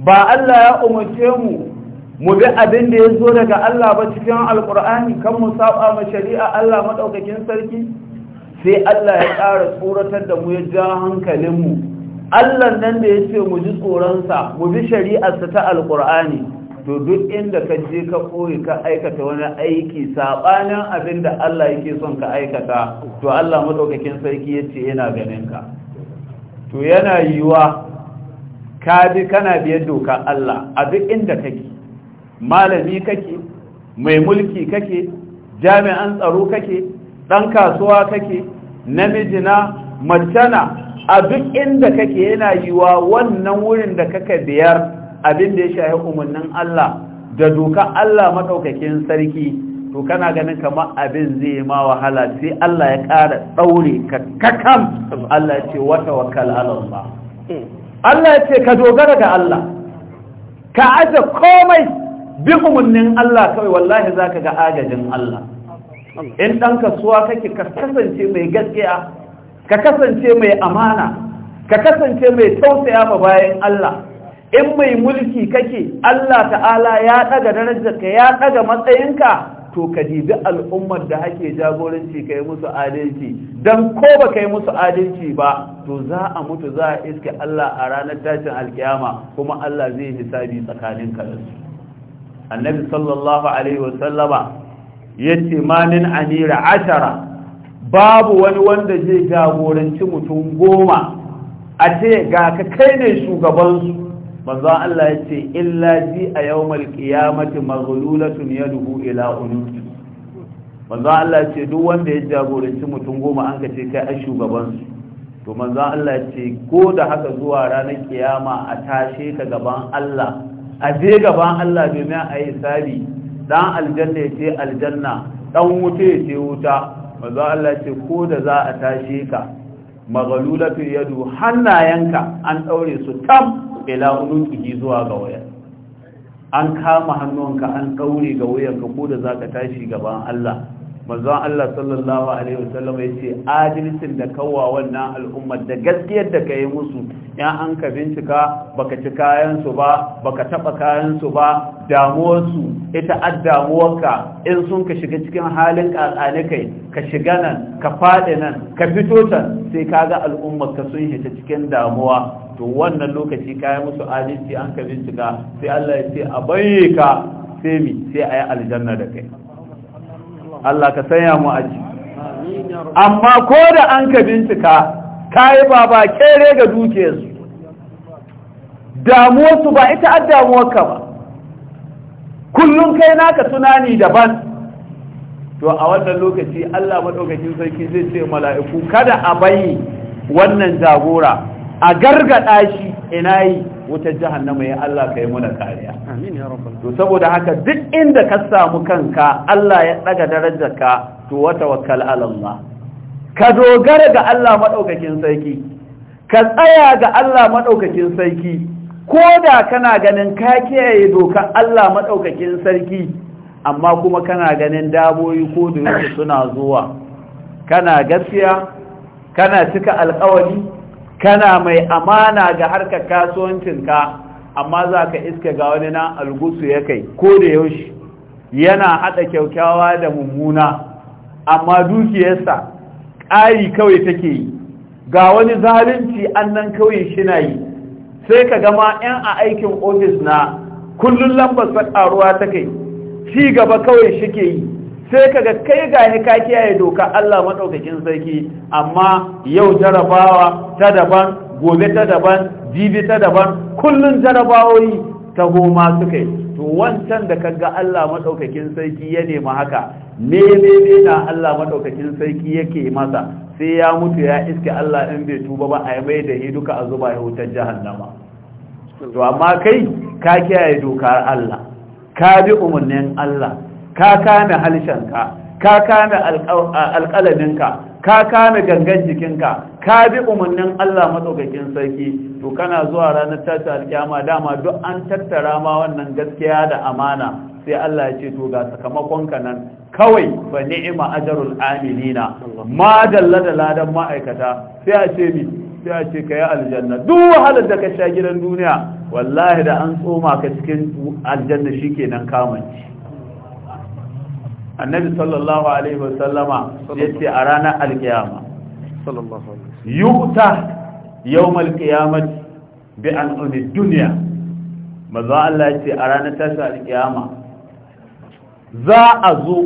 ba Allah ya umarce mu mu bi abin da ya zo daga Allah ba cikin Alƙur'ani, kan mu saba ma shari'a Allah maɗaukakin sarki sai Allah ya ƙara tsoratar da mu ya ja hankalin mu Allah nan da ya ce mu ji tsoronsa mu bi shari'arsa ta alkur'ani to duk inda ka je ka koyi ka aikata wani aiki saɓanin abin da Allah yake son ka aikata to Allah madaukakin sarki yace yana ganin ka to yana yiwa ka bi kana biyar doka Allah a duk inda kake malami kake mai mulki kake jami'an tsaro kake dan kasuwa kake namiji na mace a duk inda kake yana yiwa wannan wurin da kaka biyar abin da ya shahi umarnin Allah da doka Allah madaukakin sarki to kana ganin kamar abin zai ma wahala sai Allah ya ƙara ɗaure ka kakam Allah ya ce wata wakal Allah Allah ya ce ka dogara ga Allah ka aje komai bi umarnin Allah kawai wallahi zaka ga agajin Allah in ɗan kasuwa kake ka kasance mai gaskiya ka kasance mai amana ka kasance mai tausaya ma bayan Allah in mai mulki kake Allah ta'ala ya daga darajarka ya daga matsayinka to ka dibi al'ummar da ake jagoranci ka yi musu adalci don ko ba ka yi musu adalci ba to za a mutu za a iske Allah a ranar tashin alkiyama kuma Allah zai hisabi tsakanin ka annabi sallallahu alaihi wasallama ya ce manin anira ashara babu wani wanda zai jagoranci mutum goma a ce ga ka kai ne shugabansu manzo Allah ya ce illa ji a yawmal qiyamati maghlulatun yaduhu ila unuki manzo Allah ya ce duk wanda ya jagoranci mutum goma an ka ce kai a shugaban su to manzo Allah ya ce ko da haka zuwa ranar kiyama a tashe ka gaban Allah a je gaban Allah domin a yi sabi dan aljanna ya ce aljanna dan wuta ya ce wuta manzo Allah ya ce ko da za a tashe ka maghlulatu yadu hannayenka an daure su tam ila unuki zuwa ga waya an kama hannunka an ɗaure ga wayarka ko da ka tashi gaban Allah manzon Allah sallallahu alaihi wasallam yace adalcin da kawwa wannan al'ummar da gaskiyar da kai musu ya an ka bincika baka ci kayansu su ba baka taɓa kayan su ba damuwar su ita addamuwarka in sun ka shiga cikin halin kakane kai ka shiga nan ka faɗi nan ka fito ta, sai ka ga al'ummar ka sun hita cikin damuwa to wannan lokaci kayan musu adalci an ka bincika sai Allah ya ce a bayyaka sai mi sai ayi aljanna da kai Allah ka sanya mu a ciki amma ko da an ka bincika ka yi ba kere ga dukiyarsu damuwarsu ba ita an damuwarka ba kullum kai naka tunani daban to a wannan lokaci Allah maɗaukakin sarki zai ce mala'iku kada a bayi wannan jagora a gargaɗa shi ina yi wutar jahannama ya Allah ka yi muna kariya to saboda haka duk inda ka samu kanka Allah ya daga ka to wa tawakkal ala Allah ka dogara ga Allah madaukakin sarki ka tsaya ga Allah maɗaukakin sarki ko da kana ganin ka kiyaye dokar Allah maɗaukakin sarki amma kuma kana ganin daboyi ko da suna zuwa kana gaskiya kana cika alƙawari kana mai amana ga harkar kasuwancinka amma za ka iske ga wani na algusu ya kai ko da yaushe yana haɗa kyaukyawa da mummuna amma dukiyarsa ƙari kawai take yi ga wani zalunci annan kawai shi na yi sai ka gama 'yan a aikin ofis na kullum lambar sa ƙaruwa ta kai ci gaba kawai shike yi sai kaga kai ni ka kiyaye doka Allah madaukakin sarki amma yau jarabawa ta daban gobe ta daban jibi ta daban kullun jarabawoyi ta goma suka yi to wancan da kaga Allah madaukakin sarki ya nemi haka ne ne ne na Allah madaukakin sarki yake masa sai ya mutu ya iske Allah in bai tuba ba a mai da shi duka a zuba ya hutar jahannama to amma kai ka kiyaye dokar Allah ka bi umarnin Allah ka kame halshenka ka kame alƙalaminka ka kame gangan jikinka ka bi umarnin Allah matsaukakin sarki to kana zuwa ranar tashi alƙiyama dama duk an tattara ma wannan gaskiya da amana sai Allah ya ce to ga sakamakon ka nan kawai fa ni'ima ajrul amilina ma dalla da ladan ma'aikata sai a ce mi sai a ce kai aljanna duk wahalar da ka sha gidan duniya wallahi da an tsoma ka cikin aljanna shikenan kamanci annabi sallallahu alaihi wasallama yace a ranar alkiyama sallallahu alaihi yuta yawmal qiyamati bi umid dunya maza Allah yace a ranar tashi alkiyama za a zo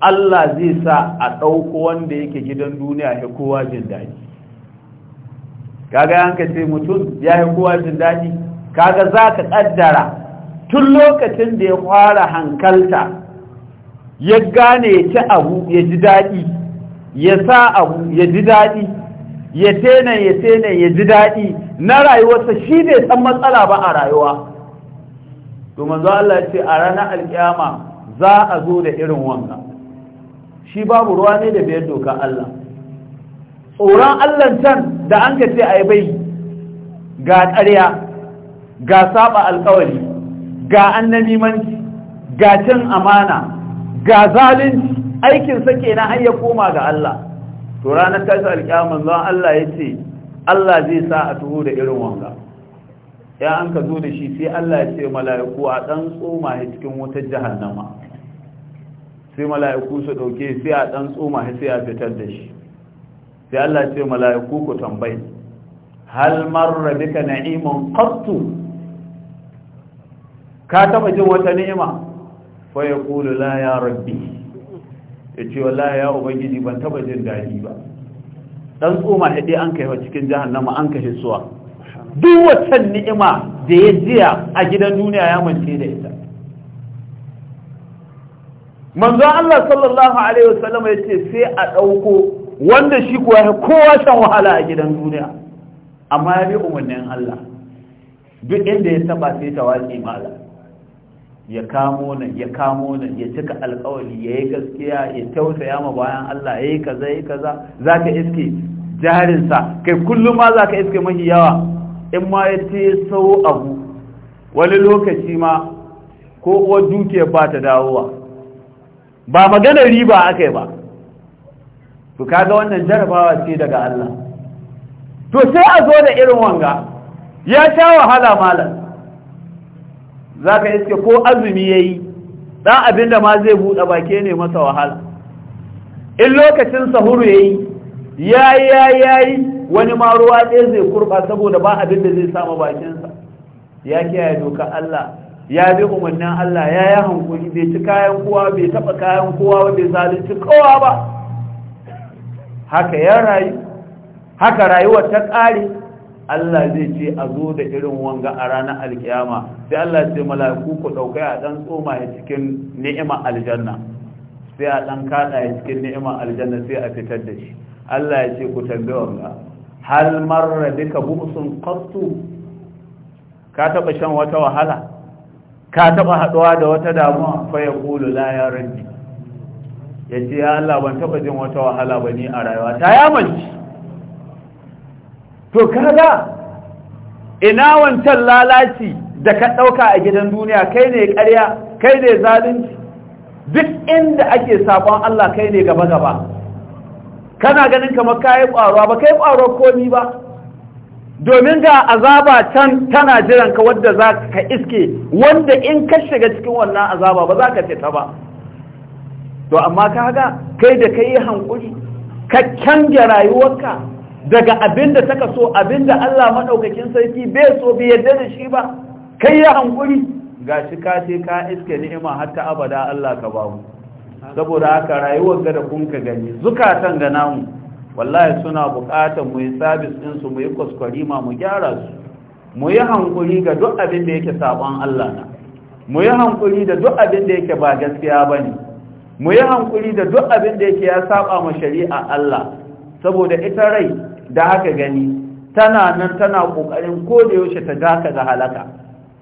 Allah zai sa a dauko wanda yake gidan duniya ya kowa jin daɗi kaga yanka ce mutum ya yi kowa jin daɗi kaga za ka kaddara tun lokacin da ya fara hankalta ya gane ya ci abu ya ji daɗi ya sa abu ya ji daɗi ya tena ya tena ya ji daɗi na rayuwarsa shi ne san matsala ba a rayuwa to manzo Allah ce a ranar alkiyama za a zo da irin wannan shi babu ruwa ne da biyar doka Allah tsoron Allah can da an ka ce ai bai ga ƙarya ga saba alkawari ga annabimanci ga cin amana ga zalunci aikinsa kenan har ya koma ga Allah to ranar tashi alƙiyama zuwa Allah ya ce Allah zai sa a tuho da irin wanga ya an ka zo da shi sai Allah ya ce mala'iku a ɗan tsoma ya cikin wutar jahannama sai mala'iku su ɗauke sai a ɗan tsoma ya sai a fitar da shi sai Allah ya ce mala'iku ku tambayi hal marra bika na'imun qattu ka taba jin wata ni'ima fa ya kulu la ya rabbi ya ce wala ya ubangiji ban taba jin daɗi ba dan tsoma hade an kai cikin jahannama an kashe suwa duk waccan ni'ima da ya jiya a gidan duniya ya mance da ita manzo Allah sallallahu alaihi wasallam ya ce sai a dauko wanda shi kuwa ya kowa san wahala a gidan duniya amma ya bi umarnin Allah duk inda ya taba sai ta watsi malam ya kamo nan ya kamo nan ya cika alkawali ya yi gaskiya ya tausaya ma bayan Allah ya yi kaza ya yi kaza za ka iske jarinsa kai kullum ma za ka iske mahi yawa in ma ya ce sau abu wani lokaci ma ko uwar dukiyar ba ta dawowa ba maganar riba aka yi ba to kaga wannan jarabawa ce daga Allah to sai a zo da irin wanga ya sha wahala malam za ka iske ko azumi ya yi ɗan abin da ma zai buɗe bake ne masa wahala in lokacin sahuru ya yi ya yi ya ya yi wani ma ruwa ɗaya zai kurɓa saboda ba abin da zai samu bakinsa ya kiyaye doka Allah ya bi umarnin Allah ya yi hankuri bai ci kayan kowa bai taɓa kayan kowa bai zalunci kowa ba haka ya rayu haka rayuwar ta ƙare Allah zai ce a zo da irin wanga a ranar alkiyama sai Allah ce mala'iku ku dauka a dan tsoma ya cikin ni'imar aljanna sai a dan kada ya cikin ni'imar aljanna sai a fitar da shi Allah ya ce ku tambaye wanga hal marra bika bu'sun qattu ka taba shan wata wahala ka taba haduwa da wata damuwa fa qulu la ya rabbi yace ya Allah ban taba jin wata wahala bane a rayuwa ta yamanci to kaga ina wancan lalaci da ka ɗauka a gidan duniya kai ne ƙarya kai ne zalunci duk inda ake sabon Allah kai ne gaba gaba kana ganin kamar kayi ƙwarwa ba kai ƙwarwa komi ba domin ga azaba can tana jiran ka wadda za ka iske wanda in ka shiga cikin wannan azaba ba za ka fita ba to amma kaga kai da kai hankuri ka canja rayuwarka daga abinda taka so abinda Allah madaukakin sarki bai so bai yadda da shi ba kai ya hankuri gashi ka ce ka iske ni'ima hatta abada Allah ka ba saboda haka rayuwar ga da kun ka gani zukatan ga namu wallahi suna buƙatar mu yi sabis din su mu yi ma mu gyara su mu yi hankuri ga duk abin da yake saban Allah na mu yi hankuri da duk abin da yake ba gaskiya bane mu yi hankuri da duk abin da yake ya saba ma shari'a Allah saboda ita rai da haka gani tana nan tana ƙoƙarin ko da yaushe ta daka ga halaka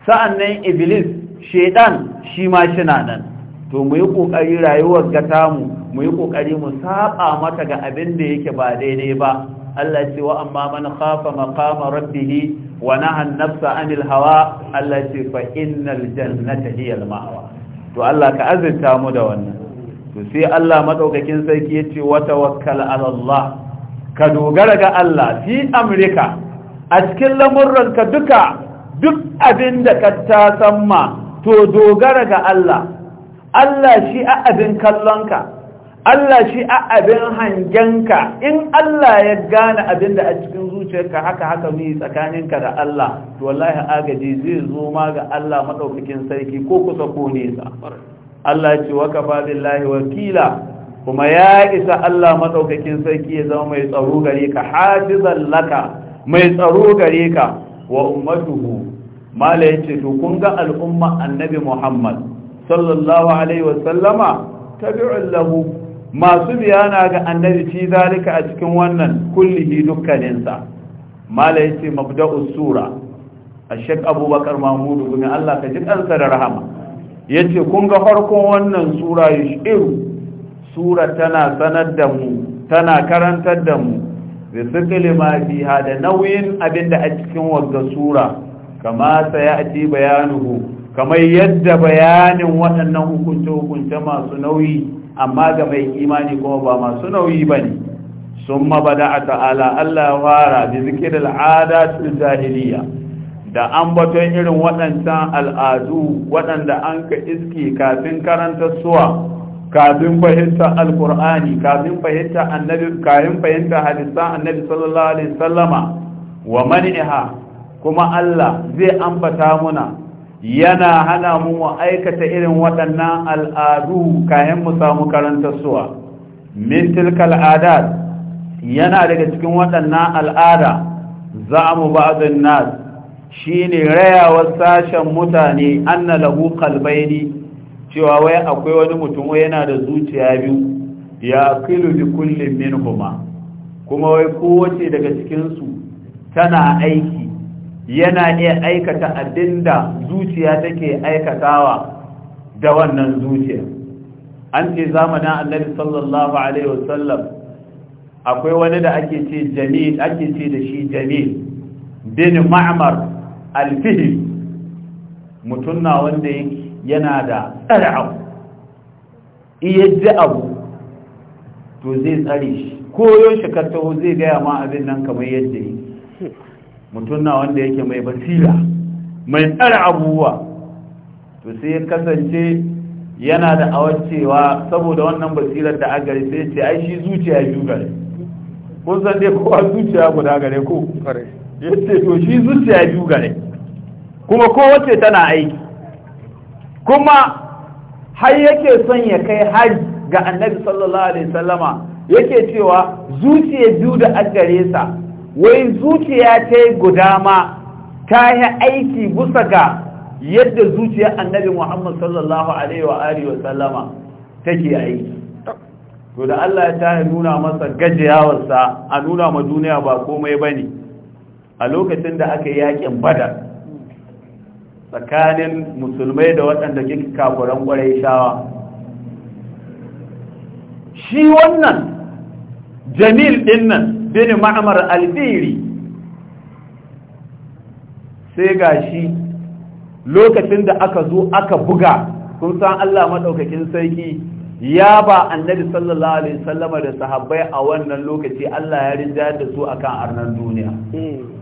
sa'annan iblis shaidan, shi ma shina nan to mu yi ƙoƙari rayuwar gata mu, mu yi ƙoƙari mu saba mata ga abin da yake ba daidai ba Allah ce wa amma man khafa maqama rabbih wa nahan nafsa anil hawa Allah ce fa innal jannata hiyal ma'wa to Allah ka azurta mu da wannan to sai Allah madaukakin sarki yace wa tawakkal ala Allah ka dogara ga Allah fi amurka a cikin lamurranka duka duk abin da ka tasamma to dogara ga Allah Allah shi a abin kallonka Allah shi a abin hangenka in Allah ya gane abin da a cikin zuciyarka haka haka tsakanin ka da Allah to wallahi agaji zai zo ma ga Allah madaukakin sarki ko kusa ko nesa Allah ce wa kafa billahi wakila kuma ya isa Allah madaukakin sarki ya zama mai tsaro gare ka hafizan laka mai tsaro gare ka wa ummatuhu mala yace to kun ga al'umma annabi Muhammad sallallahu alaihi wa sallama tabi'un lahu masu biyana ga annabi ci zalika a cikin wannan kullihi dukkaninsa mala yace mabda'us sura ashek abubakar mahmudu gumi Allah ka ji kansa da rahama yace kun ga farkon wannan sura yushiru sura tana sanar da mu tana karantar da mu bi siqli ma fiha da nauyin abinda a cikin wagga sura kama sayati bayanuhu kamar yadda bayanin waɗannan hukunce hukunce masu nauyi amma ga mai imani kuma ba masu nauyi bane summa bada'a ta'ala Allah fara bi zikril adatul jahiliya da baton irin waɗancan al'adu waɗanda an ka iske kafin karanta suwa kafin fahimta alkur'ani kafin fahimta annabi kafin fahimta hadisan annabi sallallahu alaihi wasallama wa man'iha kuma Allah zai ambata muna yana hana mu wa aikata irin waɗannan al'adu kayan mu samu karantar suwa min tilkal adat yana daga cikin waɗannan al'ada za mu ba'adun nas shine rayawar sashen mutane anna lahu qalbayni cewa wai akwai wani mutum wai yana da zuciya biyu ya kilu bi kullum min huma kuma wai kowace daga cikin su tana aiki yana iya aikata abinda zuciya take aikatawa da wannan zuciya an ce zamanin annabi sallallahu alaihi wasallam akwai wani da ake ce jamil ake ce da shi jamil bin ma'mar al mutum na wanda yake yana da tsare abu iya abu to zai tsare shi koyon shi taho zai gaya ma abin nan kamar yadda yi mutum na wanda yake mai basira mai tsara abubuwa to sai ya kasance yana da awancewa saboda wannan basirar da agari sai ce ai shi zuciya yi gare kun san dai kowa zuciya guda gare ko ya yadda to shi zuciya yi gare kuma kowace tana aiki kuma har yake son ya kai Hajji ga annabi sallallahu alaihi wasallama yake cewa zuciya biyu da aggare sa wai zuciya ta guda ma ta yi aiki busa ga yadda zuciyar annabi Muhammad sallallahu alaihi wa alihi wasallama take aiki to da Allah ya ta nuna masa gajiyawarsa a nuna ma duniya ba komai bane a lokacin da aka yi yakin badar tsakanin musulmai da waɗanda ke kafuran ƙwarai shawa shi wannan jamil ɗin nan bin ma'amar alfiri sai ga shi lokacin da aka zo aka buga kun san Allah maɗaukakin sarki ya ba annabi sallallahu alaihi sallama da sahabbai a wannan lokaci Allah ya rinjayar da su akan arnan duniya hmm.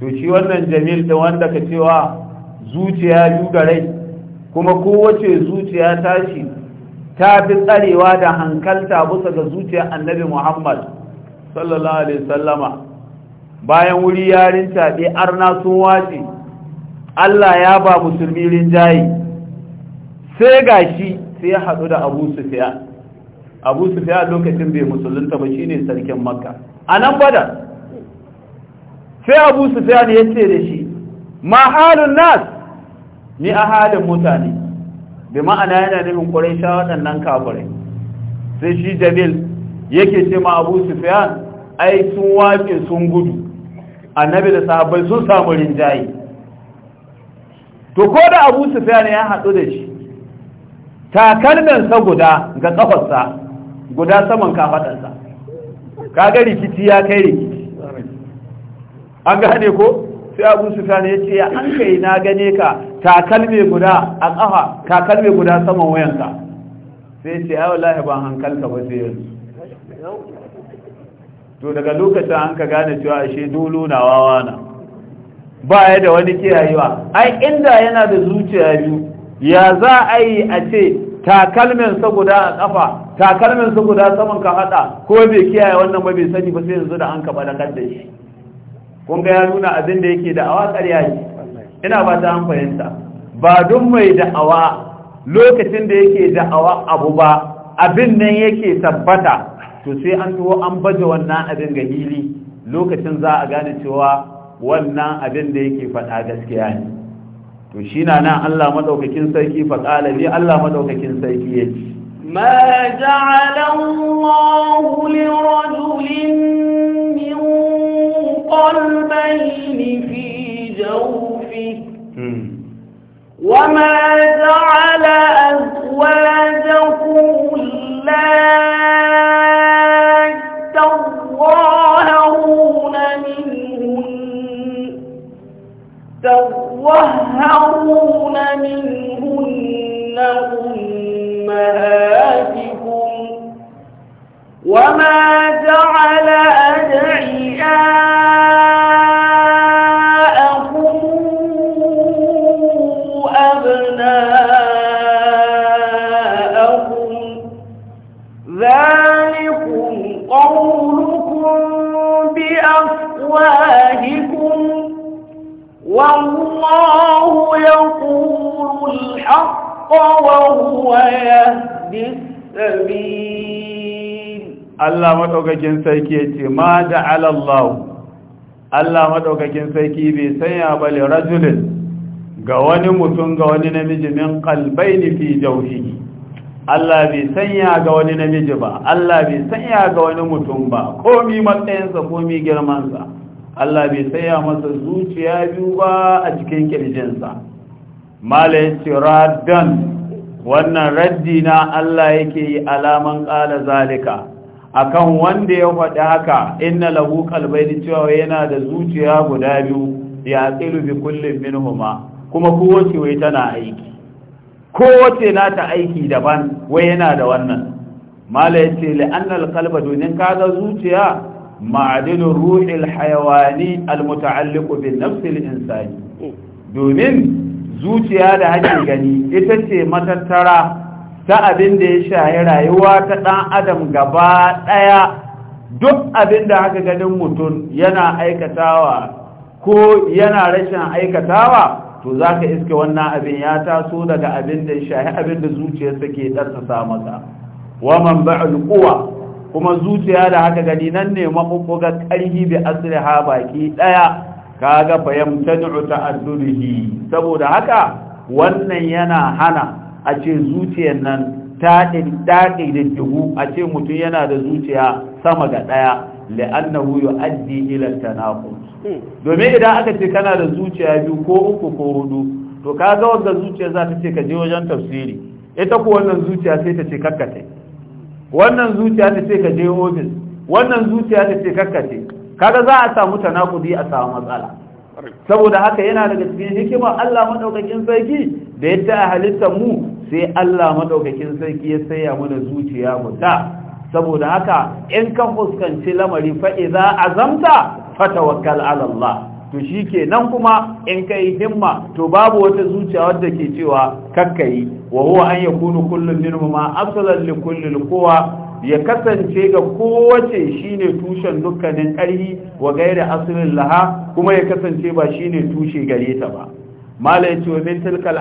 to shi wannan jamil da wanda ka cewa zuciya yuga rai kuma kowace zuciya tashi ta fi tsarewa da hankalta bisa ga zuciyar annabi muhammad sallallahu alaihi sallama bayan wuri yarin taɓe arna sun wace allah ya ba musulmi rinjaye sai gashi sai ya haɗu da abu sufiya abu sufiya lokacin bai musulunta ba shine sarkin makka a nan badar sai abu sufyan ya ce da shi ma halun nas ni a halin mutane bi ma'ana yana nufin ƙwarai sha waɗannan kafirai sai shi jamil yake ce ma abu fiya ai sun waƙe sun gudu annabi da sahabbai sun samu rinjaye to ko da abu ne ya haɗu da shi takalminsa guda ga ƙafarsa guda saman kafaɗarsa kaga rikici ya kai rikici an gane ko sai abu sufyan ya ce an kai na gane ka takalme guda a ƙafa takalme guda saman wayanka sai ce wala wallahi ban hankalta ba sai yanzu to daga lokacin an ka gane cewa ashe dolo na wawa na ba ya da wani kiyayewa ai inda yana da zuciya biyu ya za a yi a ce takalmin sa guda a ƙafa takalmin sa guda saman ka hada ko bai kiyaye wannan ba bai sani ba sai yanzu da an ka balakar da shi kun ga ya nuna abin da yake da'awa ƙarya ne ina ba ta an fahimta ba don mai da'awa lokacin da yake da'awa abu ba abin nan yake tabbata to sai an tuwo an baje wannan abin ga hili lokacin za a gane cewa wannan abin da yake faɗa gaskiya ne to shi na nan Allah maɗaukakin sarki faƙala ne Allah maɗaukakin sarki ya ce ma ja'ala Allah li الصلبين في جوفه وما جعل أزواجكم الله تظاهرون منهن تظاهرون منهن أمهاتكم وما جعل أدعياءكم Allah maɗaukakin sarki ya ce, Ma da Allah, Allah maɗaukakin sarki bai sanya ba le rajulin ga wani mutum ga wani namiji min kalbai fi jauhi. Allah bai sanya ga wani namiji ba, Allah bai sanya ga wani mutum ba, komi matsayinsa komi girmansa, Allah bai sanya masa zuciya biyu ba a cikin kirjinsa. malayin raddan wannan raddi na Allah yake yi alaman ƙala zalika akan wanda ya faɗi haka inna lahu qalbayni cewa yana da zuciya guda biyu ya tsilu bi kullin minhuma kuma kowace wai tana aiki kowace na ta aiki daban wai yana da wannan mala yace li anna alqalba domin kaga zuciya ma'adilur ruhil hayawani almuta'alliqu bin nafsil insani hmm. domin zuciya da hakin gani ita ce matattara ta abin da ya shaye rayuwa ta ɗan adam gaba ɗaya duk abin da haka ganin mutum yana aikatawa ko yana rashin aikatawa to za ka iske wannan abin ya taso daga abin da ya shahi abin da zuciyarsa ke ɗarsa masa wa man ba'al quwa kuma zuciya da haka gani nan ne maƙuƙugar ƙarfi bi asliha baki ɗaya kaga fayamtanu ta'addudihi saboda haka wannan yana hana a ce zuciyar nan ta daɗi da dubu a ce mutum yana da zuciya sama ga ɗaya la'annahu yu'addi ila tanaqus domin idan aka ce kana da zuciya biyu ko uku ko hudu to kaga wanda zuciya za ta ce ka je wajen tafsiri ita ko wannan zuciya sai ta ce kakkate. wannan zuciya ta ce ka je ofis wannan zuciya ta ce kakkate. kaga za a samu tanakudi a samu matsala saboda haka yana daga cikin hikima Allah madaukakin sarki da yadda a halittar mu sai Allah madaukakin sarki ya saya mana zuciya mu ta saboda haka in ka fuskanci lamari fa idza azamta tawakkal ala Allah to shikenan kuma in kai himma to babu wata zuciya wadda ke cewa kakkai wa huwa an yakunu kullu minhum ma afsalan li kulli quwa ya kasance ga kowace shine tushen dukkanin ƙarhi wa gaira asirin laha kuma ya kasance ba shine tushe gare ta ba mala ya ce wa min tilkal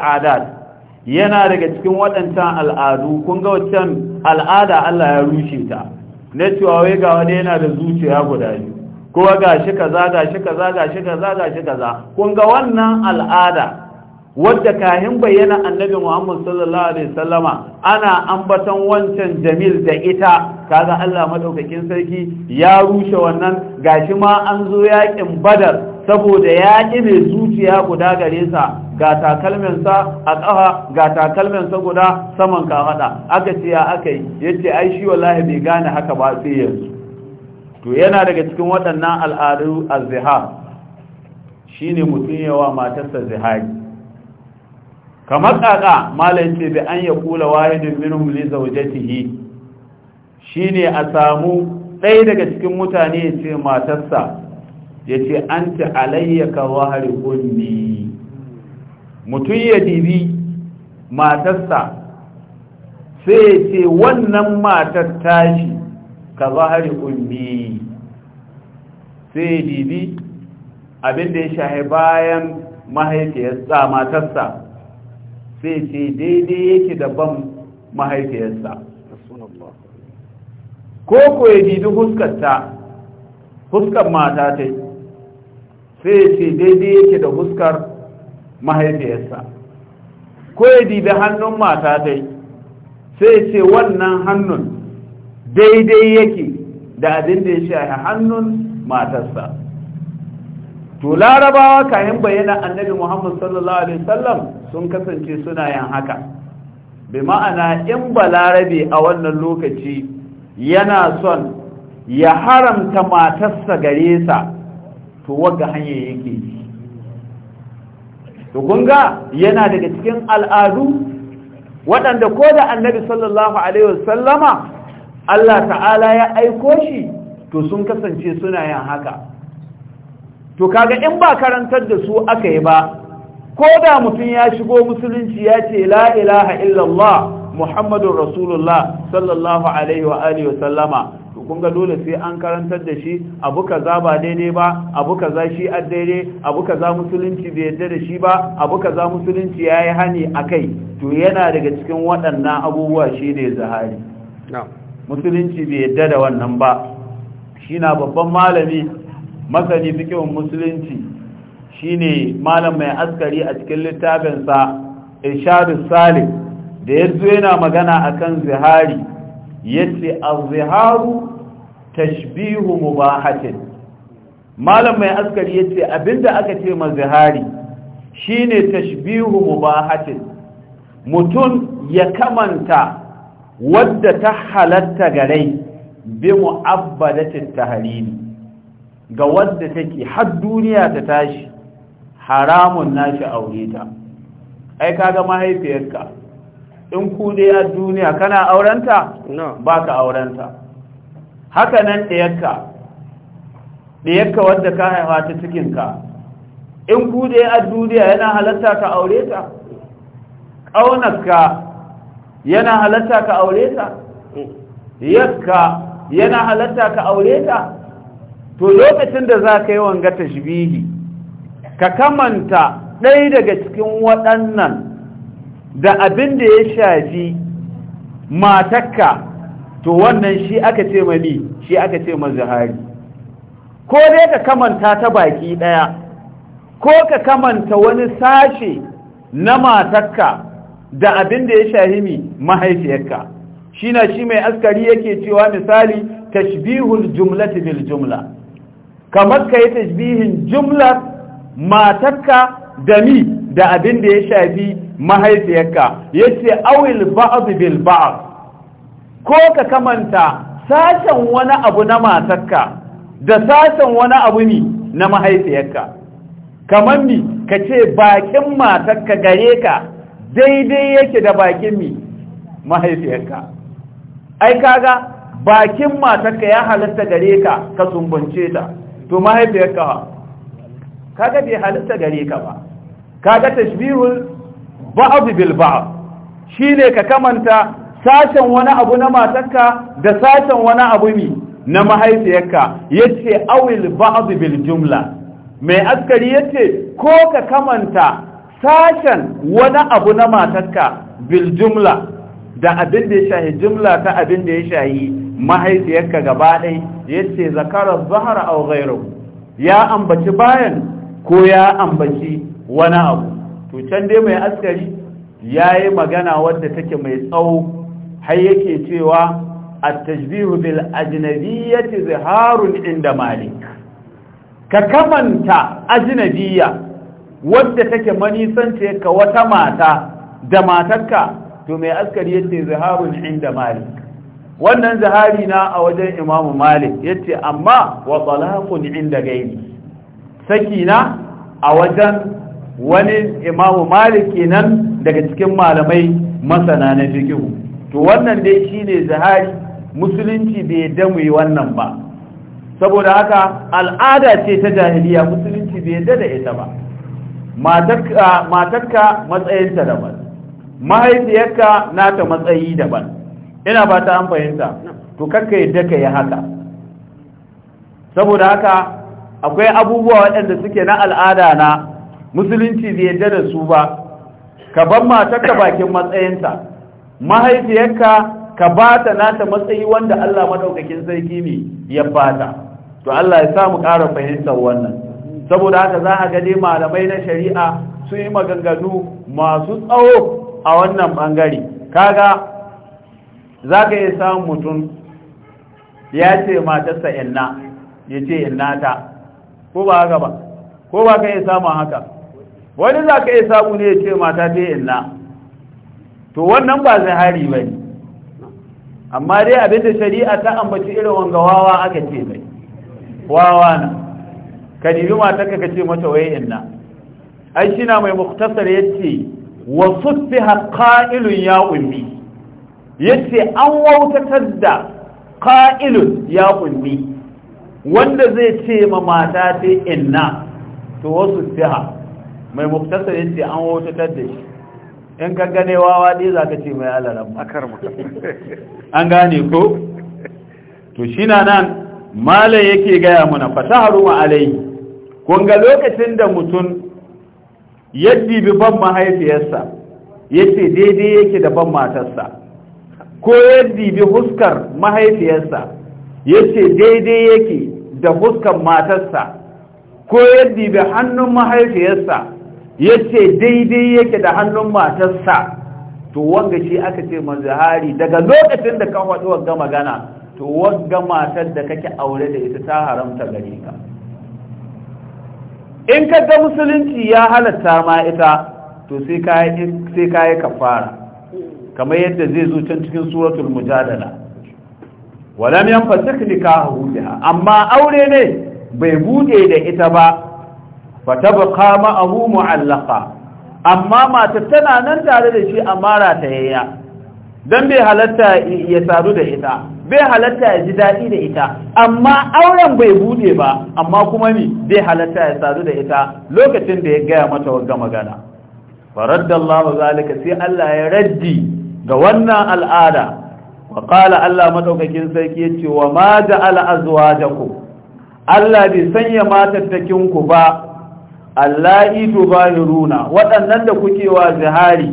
yana daga cikin waɗancan al'adu kun ga waccan al'ada Allah ya rushe ta na cewa wai ga wani yana da zuciya guda biyu kuma ga shi kaza ga shi kaza ga shi kaza ga shi kaza kun ga wannan al'ada wadda kahin bayyana annabi Muhammad sallallahu alaihi sallama ana ambaton wancan jamil da ita kaga Allah madaukakin sarki ya rushe wannan gashi ma an zo yakin badar saboda ya mai zuciya guda gare sa ga sa a ƙafa ga takalminsa guda saman kafaɗa aka ce ya aka yi ya ce ai shi wallahi bai gane haka ba sai yanzu to yana daga cikin waɗannan al'adu zihar shine mutum yawa matarsa zihari kamar kaka malam ce bi an ya kula wahidin minhum li zawjatihi shine a samu ɗaya daga cikin mutane ya ce matarsa ya ce an ta alayya ka wahari kunni mutum ya dibi matarsa sai ya ce wannan matar tashi ka zahari kunni sai ya dibi da ya shahi bayan mahaifiyarsa matarsa sai ce daidai yake da ban mahaifiyarsa ko ko ya didi huskarta huskar mata ta sai ce daidai yake da huskar mahaifiyarsa ko ya didi hannun mata ta sai ce wannan hannun daidai yake da abin da ya shahi hannun matarsa to larabawa kayan bayyana annabi muhammad sallallahu alaihi wasallam sun kasance suna yin haka bi ma'ana in balarabe a wannan lokaci yana son ya haramta matarsa gare sa to wagga hanya yake yi to kunga yana daga cikin al'adu waɗanda ko da annabi sallallahu alaihi wasallama Allah ta'ala ya aiko shi to sun kasance suna yin haka to kaga in ba karantar da su aka yi ba ko da mutum ya shigo musulunci ya ce la ilaha illallah muhammadun rasulullah sallallahu alaihi wa alihi wa sallama to kun ga dole sai an karantar da shi abu kaza ba daidai ba abu kaza shi a daidai abu kaza musulunci bai yarda da shi ba abu kaza musulunci ya yi hani a kai to yana daga cikin waɗannan abubuwa shi ne zahari musulunci bai yarda da wannan ba shi na babban malami masani fikihun musulunci shine malam mai askari a cikin littafinsa irshadus salih da yanzu yana magana akan zihari yace az-ziharu tashbihu mubahatin malam mai askari yace abinda aka ce ma zihari shine tashbihu mubahatin mutum ya kamanta wadda ta halatta garai bi mu'abbadatit tahrimi ga wadda take har duniya ta tashi haramun nashi aure ta ai kaga mahaifiyarka in ku dai a duniya kana aurenta ba ka aurenta haka nan ɗayarka ɗayarka wadda ka haifa ta cikinka in ku dai a duniya yana halatta ka aure ta ƙaunarka yana halatta ka aure ta mm. yakka yana halatta ka aure ta to lokacin da za ka yi wanga tashbihi ka kamanta ɗaya daga cikin waɗannan da abin da ya shafi matakka to wannan shi aka ce mani shi aka ce mazahari ko dai ka kamanta ta baki ɗaya ko ka kamanta wani sashe na matakka da abin da ya shafi mi mahaifiyarka shi na shi mai askari yake cewa misali tashbihul jumlati bil jumla kamar ka yi tashbihin jumlar matarka da mi da abin da ya shafi mahaifiyarka ya ce awil ba'adu bil ba'ad ko ka kamanta sashen wani abu na matarka da sashen wani abu ne na mahaifiyarka kamar mi ka ce bakin matarka gare ka daidai yake da bakin mi mahaifiyarka ai kaga bakin matarka ya halatta gare ka ka sumbance ta to mahaifiyarka ka kaga bai halitta gare ka ba kaga tashbihul ba'd bil ba'd shine ka kamanta sashen wani abu na matarka da sashen wani abu mi na mahaifiyarka yace awil ba'd bil jumla mai askari yace ko ka kamanta sashen wani abu na matarka bil jumla da abin da ya shahi jumla ta abin da ya shahi mahaifiyarka gaba ɗaya yace zakara zahara aw ghayruhu ya ambaci bayan ko ya ambaci wani abu to can dai mai askari yayi magana wadda take mai tsawo har yake cewa a tajbihu bil ajnabiyyati zaharun inda malik ka kamanta ajnabiyya wadda take manisance ka wata mata da matarka to mai askari yace zaharun inda malik wannan zahari na a wajen imamu malik ya amma wa talaqun inda gairi saki na a wajen wani imamu malik kenan daga cikin malamai masana na fikihu to wannan dai shine zahari musulunci bai damu wannan ba saboda haka al'ada ce ta jahiliya musulunci bai da ita ba matarka matsayinta daban mahaifiyarka nata matsayi daban ina ba ta an fahimta to kakka yadda ka yi haka saboda haka akwai abubuwa waɗanda suke na al'ada na musulunci da yadda da su ba ka ban matarka bakin matsayinta mahaifiyarka ka ba ta nata matsayi wanda Allah maɗaukakin sarki ne ya bata to Allah ya samu ƙara fahimtar wannan saboda haka za a gade malamai na shari'a sun yi maganganu masu tsawo a wannan ɓangare kaga za ka yi samun mutum ya ce matarsa inna ya ce inna ta ko ba haka ba ko ba ka yi samun haka wani za ka yi samu ne ya ce mata ta inna to wannan ba zai hari ba ne amma dai abinda shari'a ta ambaci irin wanga wawa aka ce mai wawa na ka nemi mata ka ce mata waye inna ai shi na mai muktasar ya ce fi haƙa ilun ya ummi yace an wautatar da qa'ilun ya kunni wanda zai ce ma mata ta inna to wasu fiha mai muktasar yace an wautatar da shi in ka gane wawa dai zaka ce mai alaram akar an gane ko to shi na nan malai yake gaya mana fataharu alai kun ga lokacin da mutum yaddi bi ban mahaifiyarsa yace daidai yake da ban matarsa ko ya dibi huskar mahaifiyarsa ya ce daidai yake da huskar matarsa ko ya dibi hannun mahaifiyarsa ya ce daidai yake da hannun matarsa to wanga shi aka ce mazahari daga lokacin da ka faɗi wanga magana to wanga matar da kake aure da ita ta haramta gare ka in ka ga musulunci ya halatta ma ita to sai ka yi kafara kamar yadda zai zo can cikin suratul mujadala walam yanfasik nikahu biha amma aure ne bai bude da ita ba fatabqa ma'ahu mu'allaqa amma mata tana nan tare da shi amara ta yayya dan bai halatta ya sadu da ita bai halatta ya ji daɗi da ita amma auren bai bude ba amma kuma ni bai halatta ya sadu da ita lokacin da ya gaya mata wagga magana faradda Allah zalika sai Allah ya raddi ga wannan al'ada wa Allah maɗaukakin sarki yace wa ma da da ku Allah bai sanya matattakin ku ba allahi tubahiruna waɗannan da kuke wa zihari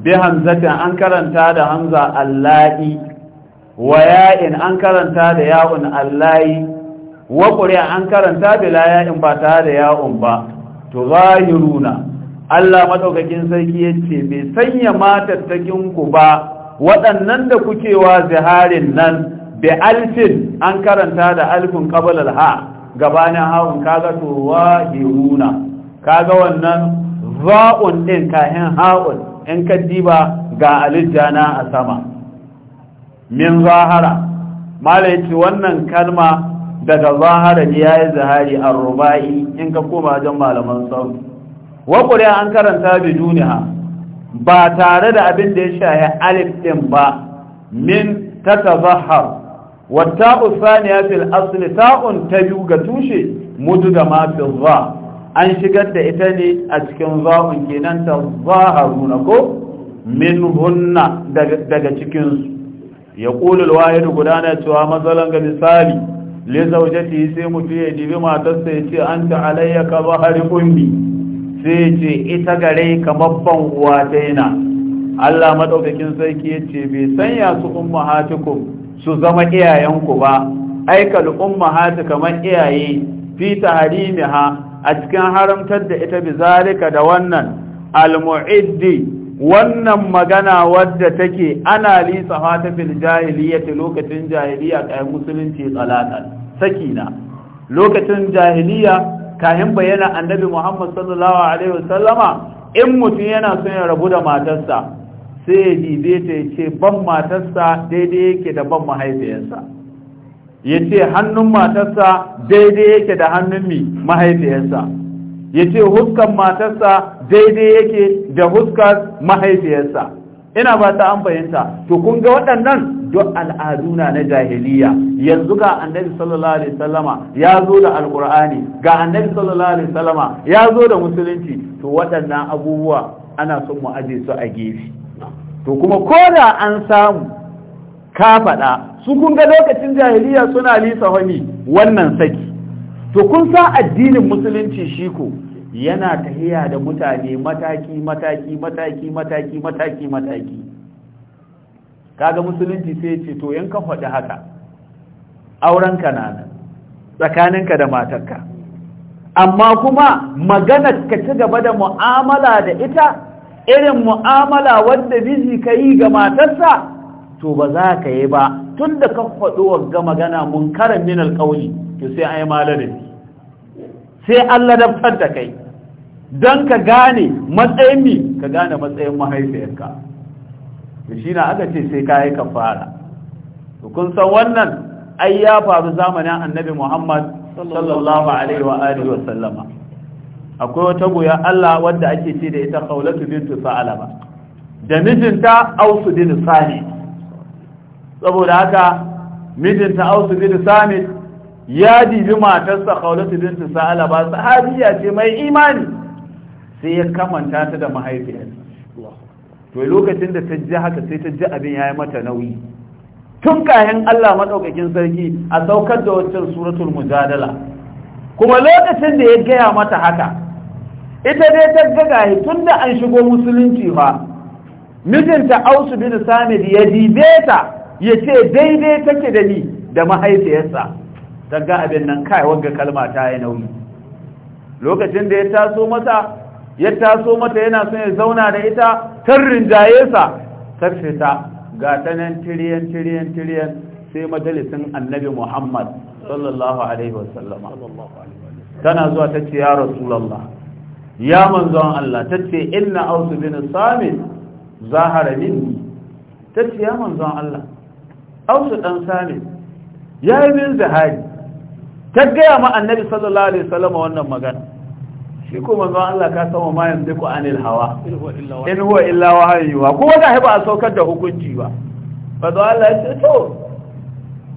bi hamzatin an karanta da hamza allahi wa ya'in an karanta da ya'un allahi wa an karanta da la ya'in ba tare da ya'un ba tubahiruna Allah madaukakin sarki yace bai sanya matattakin ku ba waɗannan da kuke wa ziharin nan bi alfin an karanta da alfin qabl al ha gabanin hawun kaga to wahiruna kaga wannan za'un din kahin ha'un in ka diba ga alijana a sama min zahara malai ce wannan kalma daga zahara ne yayi zahari ar-rubai in ka koma wajen malaman sauri wa ƙuri'a an karanta bi duniya ba tare da abin da ya shahi alif din ba min tatazahhar wa ta'u thaniya fil asli ta'un ta biyu ga tushe mudgama mafi za an shigar da ita ne a cikin za'un kenan ta zaharuna ko min hunna daga cikinsu ya ƙulul wahid gudana cewa matsalan ga misali le zaujati sai mutu ya dibi matarsa ya ce an ta alayyaka ka zahari ummi sai ce ita gare kamar ban uwa ta Allah madaukakin sarki yace bai sanya su ummahatukum su zama iyayenku ba aikal ummahatu kamar iyaye fi tahrimiha a cikin haramtar da ita bizalika da wannan almu'iddi wannan magana wadda take ana li ta fil jahiliyyati lokacin jahiliya kai musulunci talaqan sakina lokacin jahiliya kayan bayyana annabi Muhammad sallallahu alaihi wasallama in mutum yana son ya rabu da matarsa sai ya dibe ta ya ce ban matarsa daidai yake da ban mahaifiyarsa ya ce hannun matarsa daidai yake da hannun mi mahaifiyarsa ya ce huskan matarsa daidai yake da huskar mahaifiyarsa ina ba ta an fahimta to kun ga waɗannan duk al'aduna na jahiliya yanzu ga annabi sallallahu alaihi wasallama ya zo da alqur'ani ga annabi sallallahu alaihi wasallama ya zo da musulunci to waɗannan abubuwa ana son mu aje su a gefe to kuma ko da an samu ka faɗa su kun ga lokacin jahiliya suna lisa hani wannan saki to kun sa addinin musulunci shi ko yana tahiya da mutane mataki mataki mataki mataki mataki mataki kaga musulunci sai ce to yanka faɗi haka aurenka na nan tsakaninka da matarka amma kuma maganar ka ci gaba da mu'amala da ita irin mu'amala wadda miji ka yi ga matarsa to ba za ka yi ba tun da ka faɗo ga magana mun munkaran min alƙawli to sai an yi ni sai Allah da da kai dan ka gane matsayin mi ka gane matsayin mahaifiyarka to shi na aka ce sai kayi kafara to kun san wannan ai ya faru zamanin annabi Muhammad sallallahu alaihi wa alihi wa sallama akwai wata goya Allah wadda ake ce da ita Khawlatu bintu Sa'alaba da mijinta Ausu bin sami saboda haka mijinta Ausu bin sami ya dibi matarsa Khawlatu bintu Sa'alaba sahabiya ce mai imani sai ya kamanta ta da mahaifiyarsa to lokacin da ta ji haka sai ta ji abin ya yi mata nauyi tun kayan Allah maɗaukakin sarki a saukar da waccan suratul mujadala kuma lokacin da ya gaya mata haka ita dai ta gagaye tun da an shigo musulunci ba. mijinta ausu bin samid ya dibe ta ya ce daidai take da ni da mahaifiyarsa ta ga abin nan kai wagga kalma ta yi nauyi lokacin da ya taso masa ya taso mata yana son ya zauna da ita tar rinjaye sa karfe ta ga ta tiriyan tiriyan tiriyan sai majalisin annabi Muhammad sallallahu alaihi wasallama tana zuwa ta ce ya rasulullah ya manzon Allah ta ce inna ausu bin Samin zahara minni ta ce ya manzon Allah ausu dan Samin ya yi min zahari ta gaya ma annabi sallallahu alaihi wasallama wannan magana shi ko manzon Allah ka san wa ma yanzu anil hawa in huwa illa wahayi wa ko da ba a saukar da hukunci ba manzon Allah ya ce to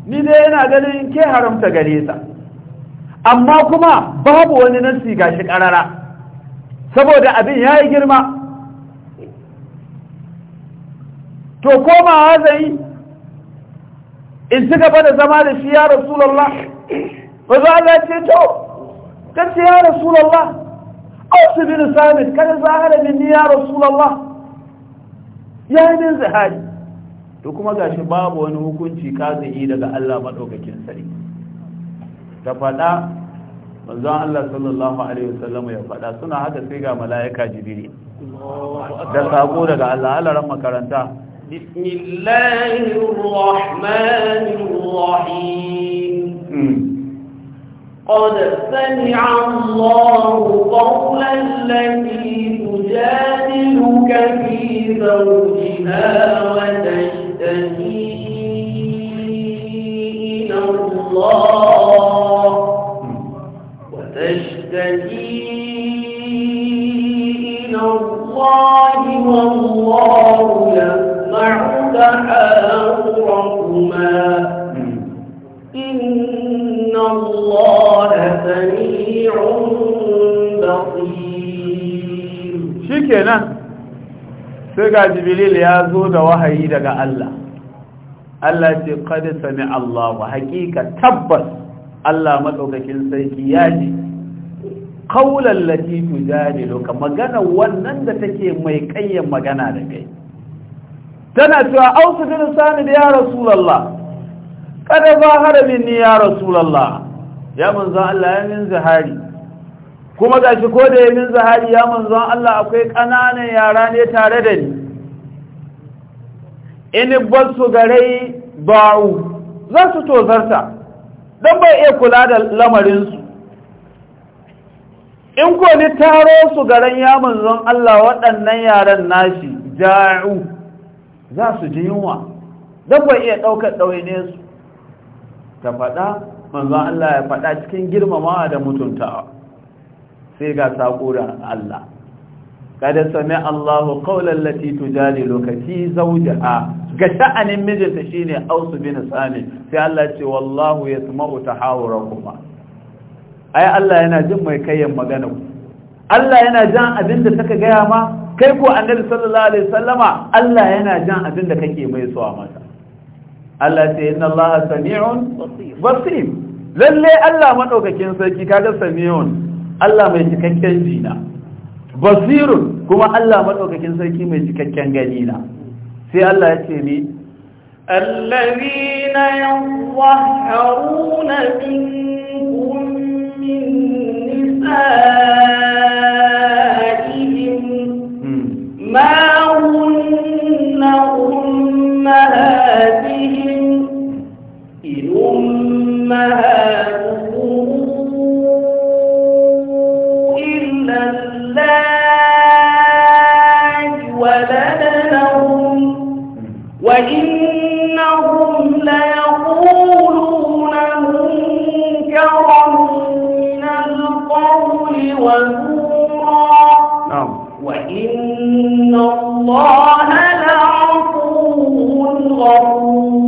ni dai yana ganin in ke haramta gare ta amma kuma babu wani nasi gashi karara saboda abin yayi girma to komawa zai in ci gaba da zama da shi ya rasulullah manzon Allah ya ce to kace ya rasulullah قوس بن ثابت كان ظاهر مني يا رسول الله yayin من زهاد to kuma gashi babu wani hukunci kazihi daga Allah madaukakin sarki ta faɗa manzon Allah sallallahu alaihi wasallam ya faɗa suna haka sai ga malaika jibril da sako daga Allah Allah ran makaranta bismillahir rahmanir rahim hmm. قد سمع الله قول التي تجادلك في زوجها وتشتهي إلى الله وتشتكي إلى الله والله sai ga jibril ya zo da wahayi daga Allah Allah ce qad sami Allah wa haqiqa tabbas Allah madaukakin sarki ya ji latifu lati tujadiluka magana wannan da take mai kayyan magana da kai tana cewa ausu bin sani da ya rasulullah kada zahara minni ya rasulullah ya manzo Allah ya min zahari kuma ga shi ko da ya min zahari ya manzon Allah akwai ƙananan yara ne tare da ni in su garai ba'u za su tozarta don bai iya kula da lamarinsu in ko ni taro su garan ya manzon Allah waɗannan yaran nashi ja'u za su ji yunwa don bai iya ɗaukar ɗawaine su ta faɗa manzon Allah ya faɗa cikin girmamawa da mutuntawa sai ga sako da Allah kada sami Allah qawlan lati tujadiluka fi zawjiha ga sha'anin mijinta shine ausu bin Sami sai Allah ce wallahu yasma'u kuma. ai Allah yana jin mai kayyan magana Allah yana jan abin da take gaya ma kai ko annabi sallallahu alaihi wasallama Allah yana jan abin da kake mai suwa a mata Allah ce inna Allah sami'un basir lalle Allah madaukakin sarki kaga sami'un Allah mai cikakken jina basirun kuma Allah madaukakin sarki mai cikakken gani na sai Allah ya ce ni الذين na yawwa haruna نسائهم ما هن أمهاتهم إن وإنهم ليقولون منكرا من القول وزورا نعم وإن الله لعفو غفور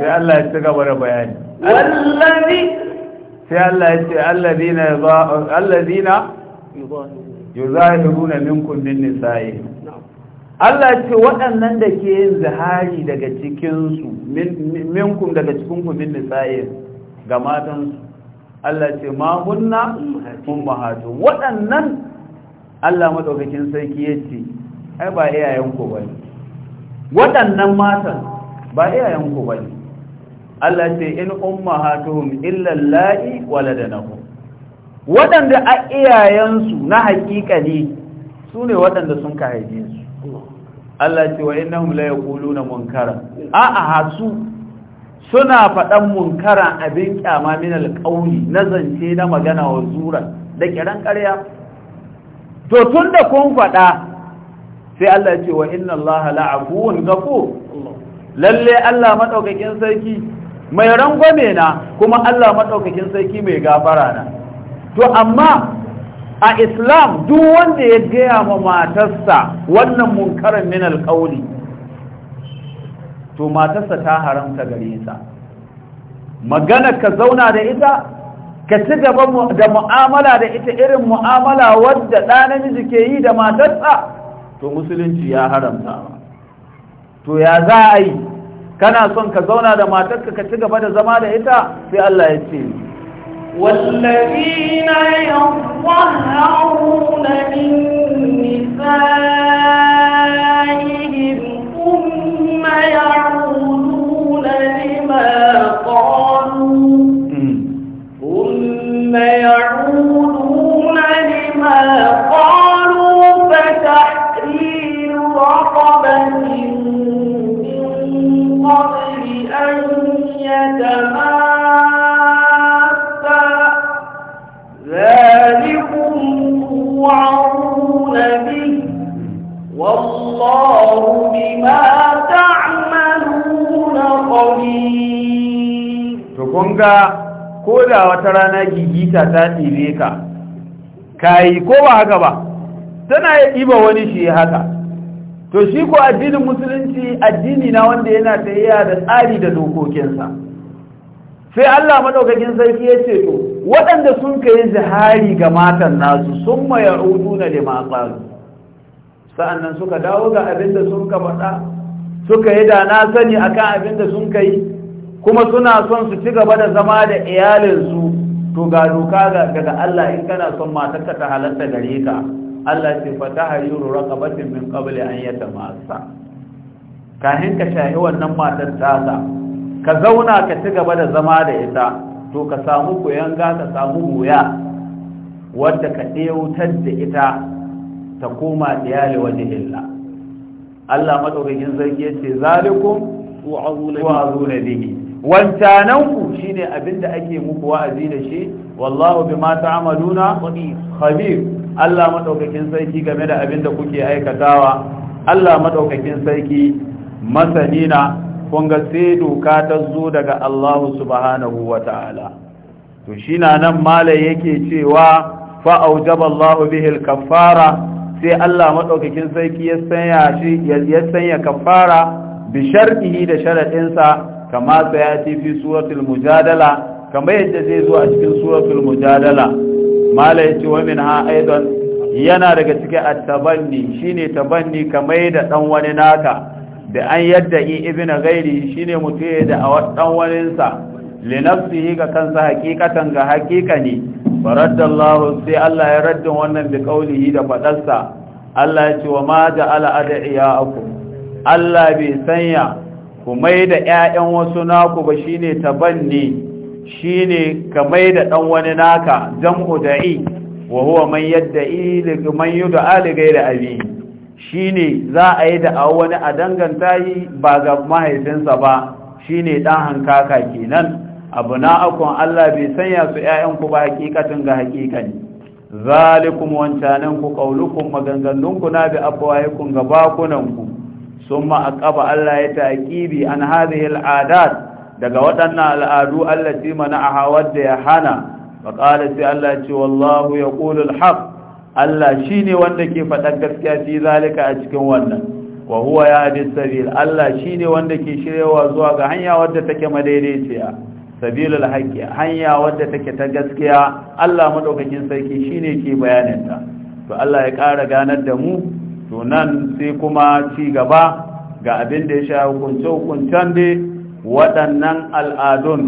في الله يستقبل بياني والذي في الله الذين يظاهرون يظاهرون منكم من نسائهم Allah ce waɗannan da ke yin zihari daga cikinsu minkum daga cikinku min nisa'i ga matansu Allah ce ma hunna mahatu waɗannan Allah maɗaukakin sarki ce ai ba iyayenku ne, waɗannan matan ba iyayenku bane Allah ce in ummahatuhum illa da waladanahum waɗanda a iyayensu na hakika ne sune waɗanda sun ka haife su Allah ce wa innahum la yaquluna munkara a a hasu suna faɗan munkara abin kyama min alqauli na zance na magana wa zura da kiran ƙarya to tunda kun faɗa sai Allah ce wa inna Allah la'afuwun ghafur lalle Allah madaukakin sarki mai rangwame na kuma Allah madaukakin sarki mai gafara na to amma a islam duk wanda ya gaya ma matarsa wannan munkarin min alƙauli to matarsa ta haramta gare sa magana ka zauna da ita ka ci gaba da mu'amala da ita irin mu'amala wadda ɗa namiji ke yi da matarsa to musulunci ya haramta to ya za a yi kana son ka zauna da matarka ka ci gaba da zama da ita sai Allah ya ce والذين يظهرون من نسائهم ثم يعودون لما والله ko تعملون wata rana gigita ta ɗire ka ka yi ko ba haka ba tana ya ɗiba wani shi ya haka to shi ko addinin musulunci addini na wanda yana ta yi da tsari da dokokinsa sai Allah maɗaukakin sarki ya ce to waɗanda sun kai zihari ga matan nasu sun mayar na da matsalu sa'annan suka dawo ga abin da sun ka faɗa suka yi da na sani akan abin da sun ka kuma suna son su ci gaba da zama da iyalinsu to ga doka daga Allah in kana son matar ka ta halatta gare ka Allah ce fa tahriru raqabatin min kabale an yatamassa kahin ka shahi wannan matar tasa ka zauna ka ci gaba da zama da ita to ka samu koyanga ka samu goya wadda ka ɗewutar da ita ta koma diyali waje illa Allah madaukakin sarki yace zalikum tu'azuna bihi wancananku shine abinda ake muku wa'azi da shi wallahu bima ta'maluna khabir Allah madaukakin sarki game da abinda kuke aikatawa Allah madaukakin sarki masanina kun ga sai doka ta zo daga Allah subhanahu wa ta'ala to shi na nan malai yake cewa fa'aujaba Allah bihil kaffara sai Allah madaukakin sarki ya sanya shi ya sanya kafara bi shartihi da sharadin sa kama ci fi suratul mujadala kamar yadda zai zo a cikin suratul mujadala mala ce wa minha aidan yana daga cikin at-tabanni shine tabanni kamar da dan wani naka da an yadda ibina gairi shine mutum da a dan waninsa nafsihi ga kansa hakikatan ga hakika ne faradallahu sai Allah ya raddin wannan bi kaulihi da fadarsa Allah ya ce wa ma ja'ala ad'iyakum Allah bai sanya ku mai da ƴaƴan wasu naku ba shine tabanni shine ka mai da dan wani naka jam'u da'i wa huwa man yad'i li man yud'a li ghayri abi shine za a yi da wani a danganta yi ba ga mahaifinsa ba shine dan hankaka kenan Abu abna'akum Allah bai sanya su 'yayanku ba hakikatin ga hakikani Zaliku wancanan ku qaulukum na bi afwaikum ga bakunanku. ku summa aqaba Allah ya taqibi an hadhihi al'adat daga waɗannan al'adu allati mana'aha da ya hana fa qala sai Allah ce wallahu ya al-haq Allah ne wanda ke faɗa gaskiya fi zalika a cikin wannan wa huwa yahdi sabil Allah shine wanda ke shiryawa zuwa ga hanya wadda take madaidaiciya sabilul haqqi hanya wadda take ta gaskiya Allah madaukakin sarki shine ke bayanin ta to Allah ya kara ganar da mu to nan sai kuma ci gaba ga abin da ya sha hukunce hukuncen da waɗannan al'adun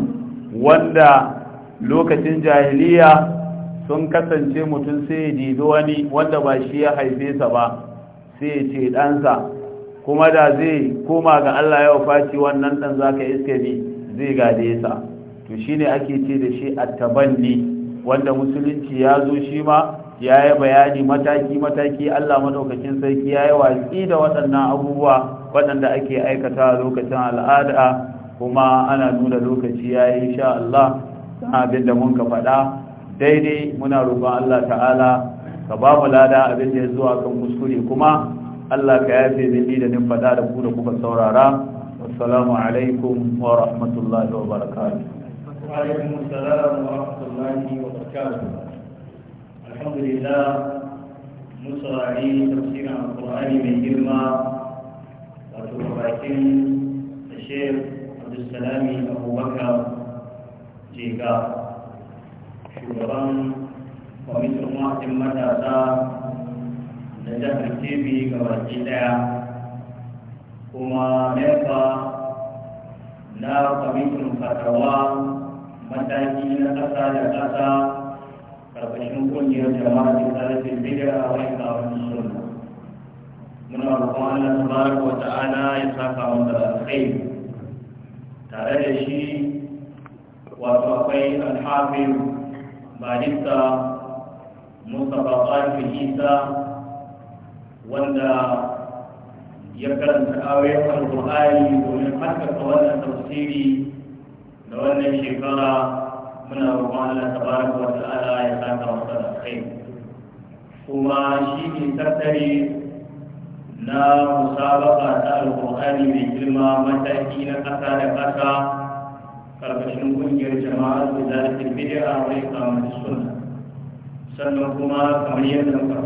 wanda lokacin jahiliya sun kasance mutum sai ya dibi wani wanda ba shi ya haife sa ba sai ya ce ɗansa kuma da zai koma ga Allah ya wafaci wannan ɗan za iske bi zai gade sa to ne ake ce da shi attabanni tabanni wanda musulunci ya zo shi ma ya yi bayani mataki mataki Allah madaukakin sarki ya yi watsi da waɗannan abubuwa waɗanda ake aikata lokacin al'ada kuma ana nuna lokaci ya yi sha Allah abin da mun ka faɗa daidai muna roƙon Allah ta'ala ka ba mu lada abin da ya zuwa kan kuskure kuma Allah ka yafe mini da nin faɗa da ku da kuka saurara wassalamu alaikum wa rahmatullahi wa barakatuh وعليكم السلام ورحمة الله وبركاته الحمد لله مسرعي تفسير القرآن من جرمى وتوفاكين الشيخ عبد السلام أبو بكر جيكا شكرا ومثل ما تمت أسا نجح الكيبي كما kuma nefa na kwamitin fatawa mataki na ƙasa da ƙasa ƙarƙashin ƙungiyar jama'a da ta tsarin bidiyar a wani kawon sunna muna roƙon Allah tabaraka wa ta'ala ya saka masa kai. tare da shi wato akwai alhafiz barista Mustapha Qasim fahimta, wanda ya karanta ayoyin Al-Qur'ani domin haskaka wannan tafsiri da wannan shekara muna roƙon Allah tabaraka wa ala ya saka masa alkhairi kuma shi ne tattare na musabaka ta alƙur'ani mai girma mataki na ƙasa da ƙasa karkashin ƙungiyar jama'a da zalatin bid'a wai kamar suna sannan kuma kamar yadda muka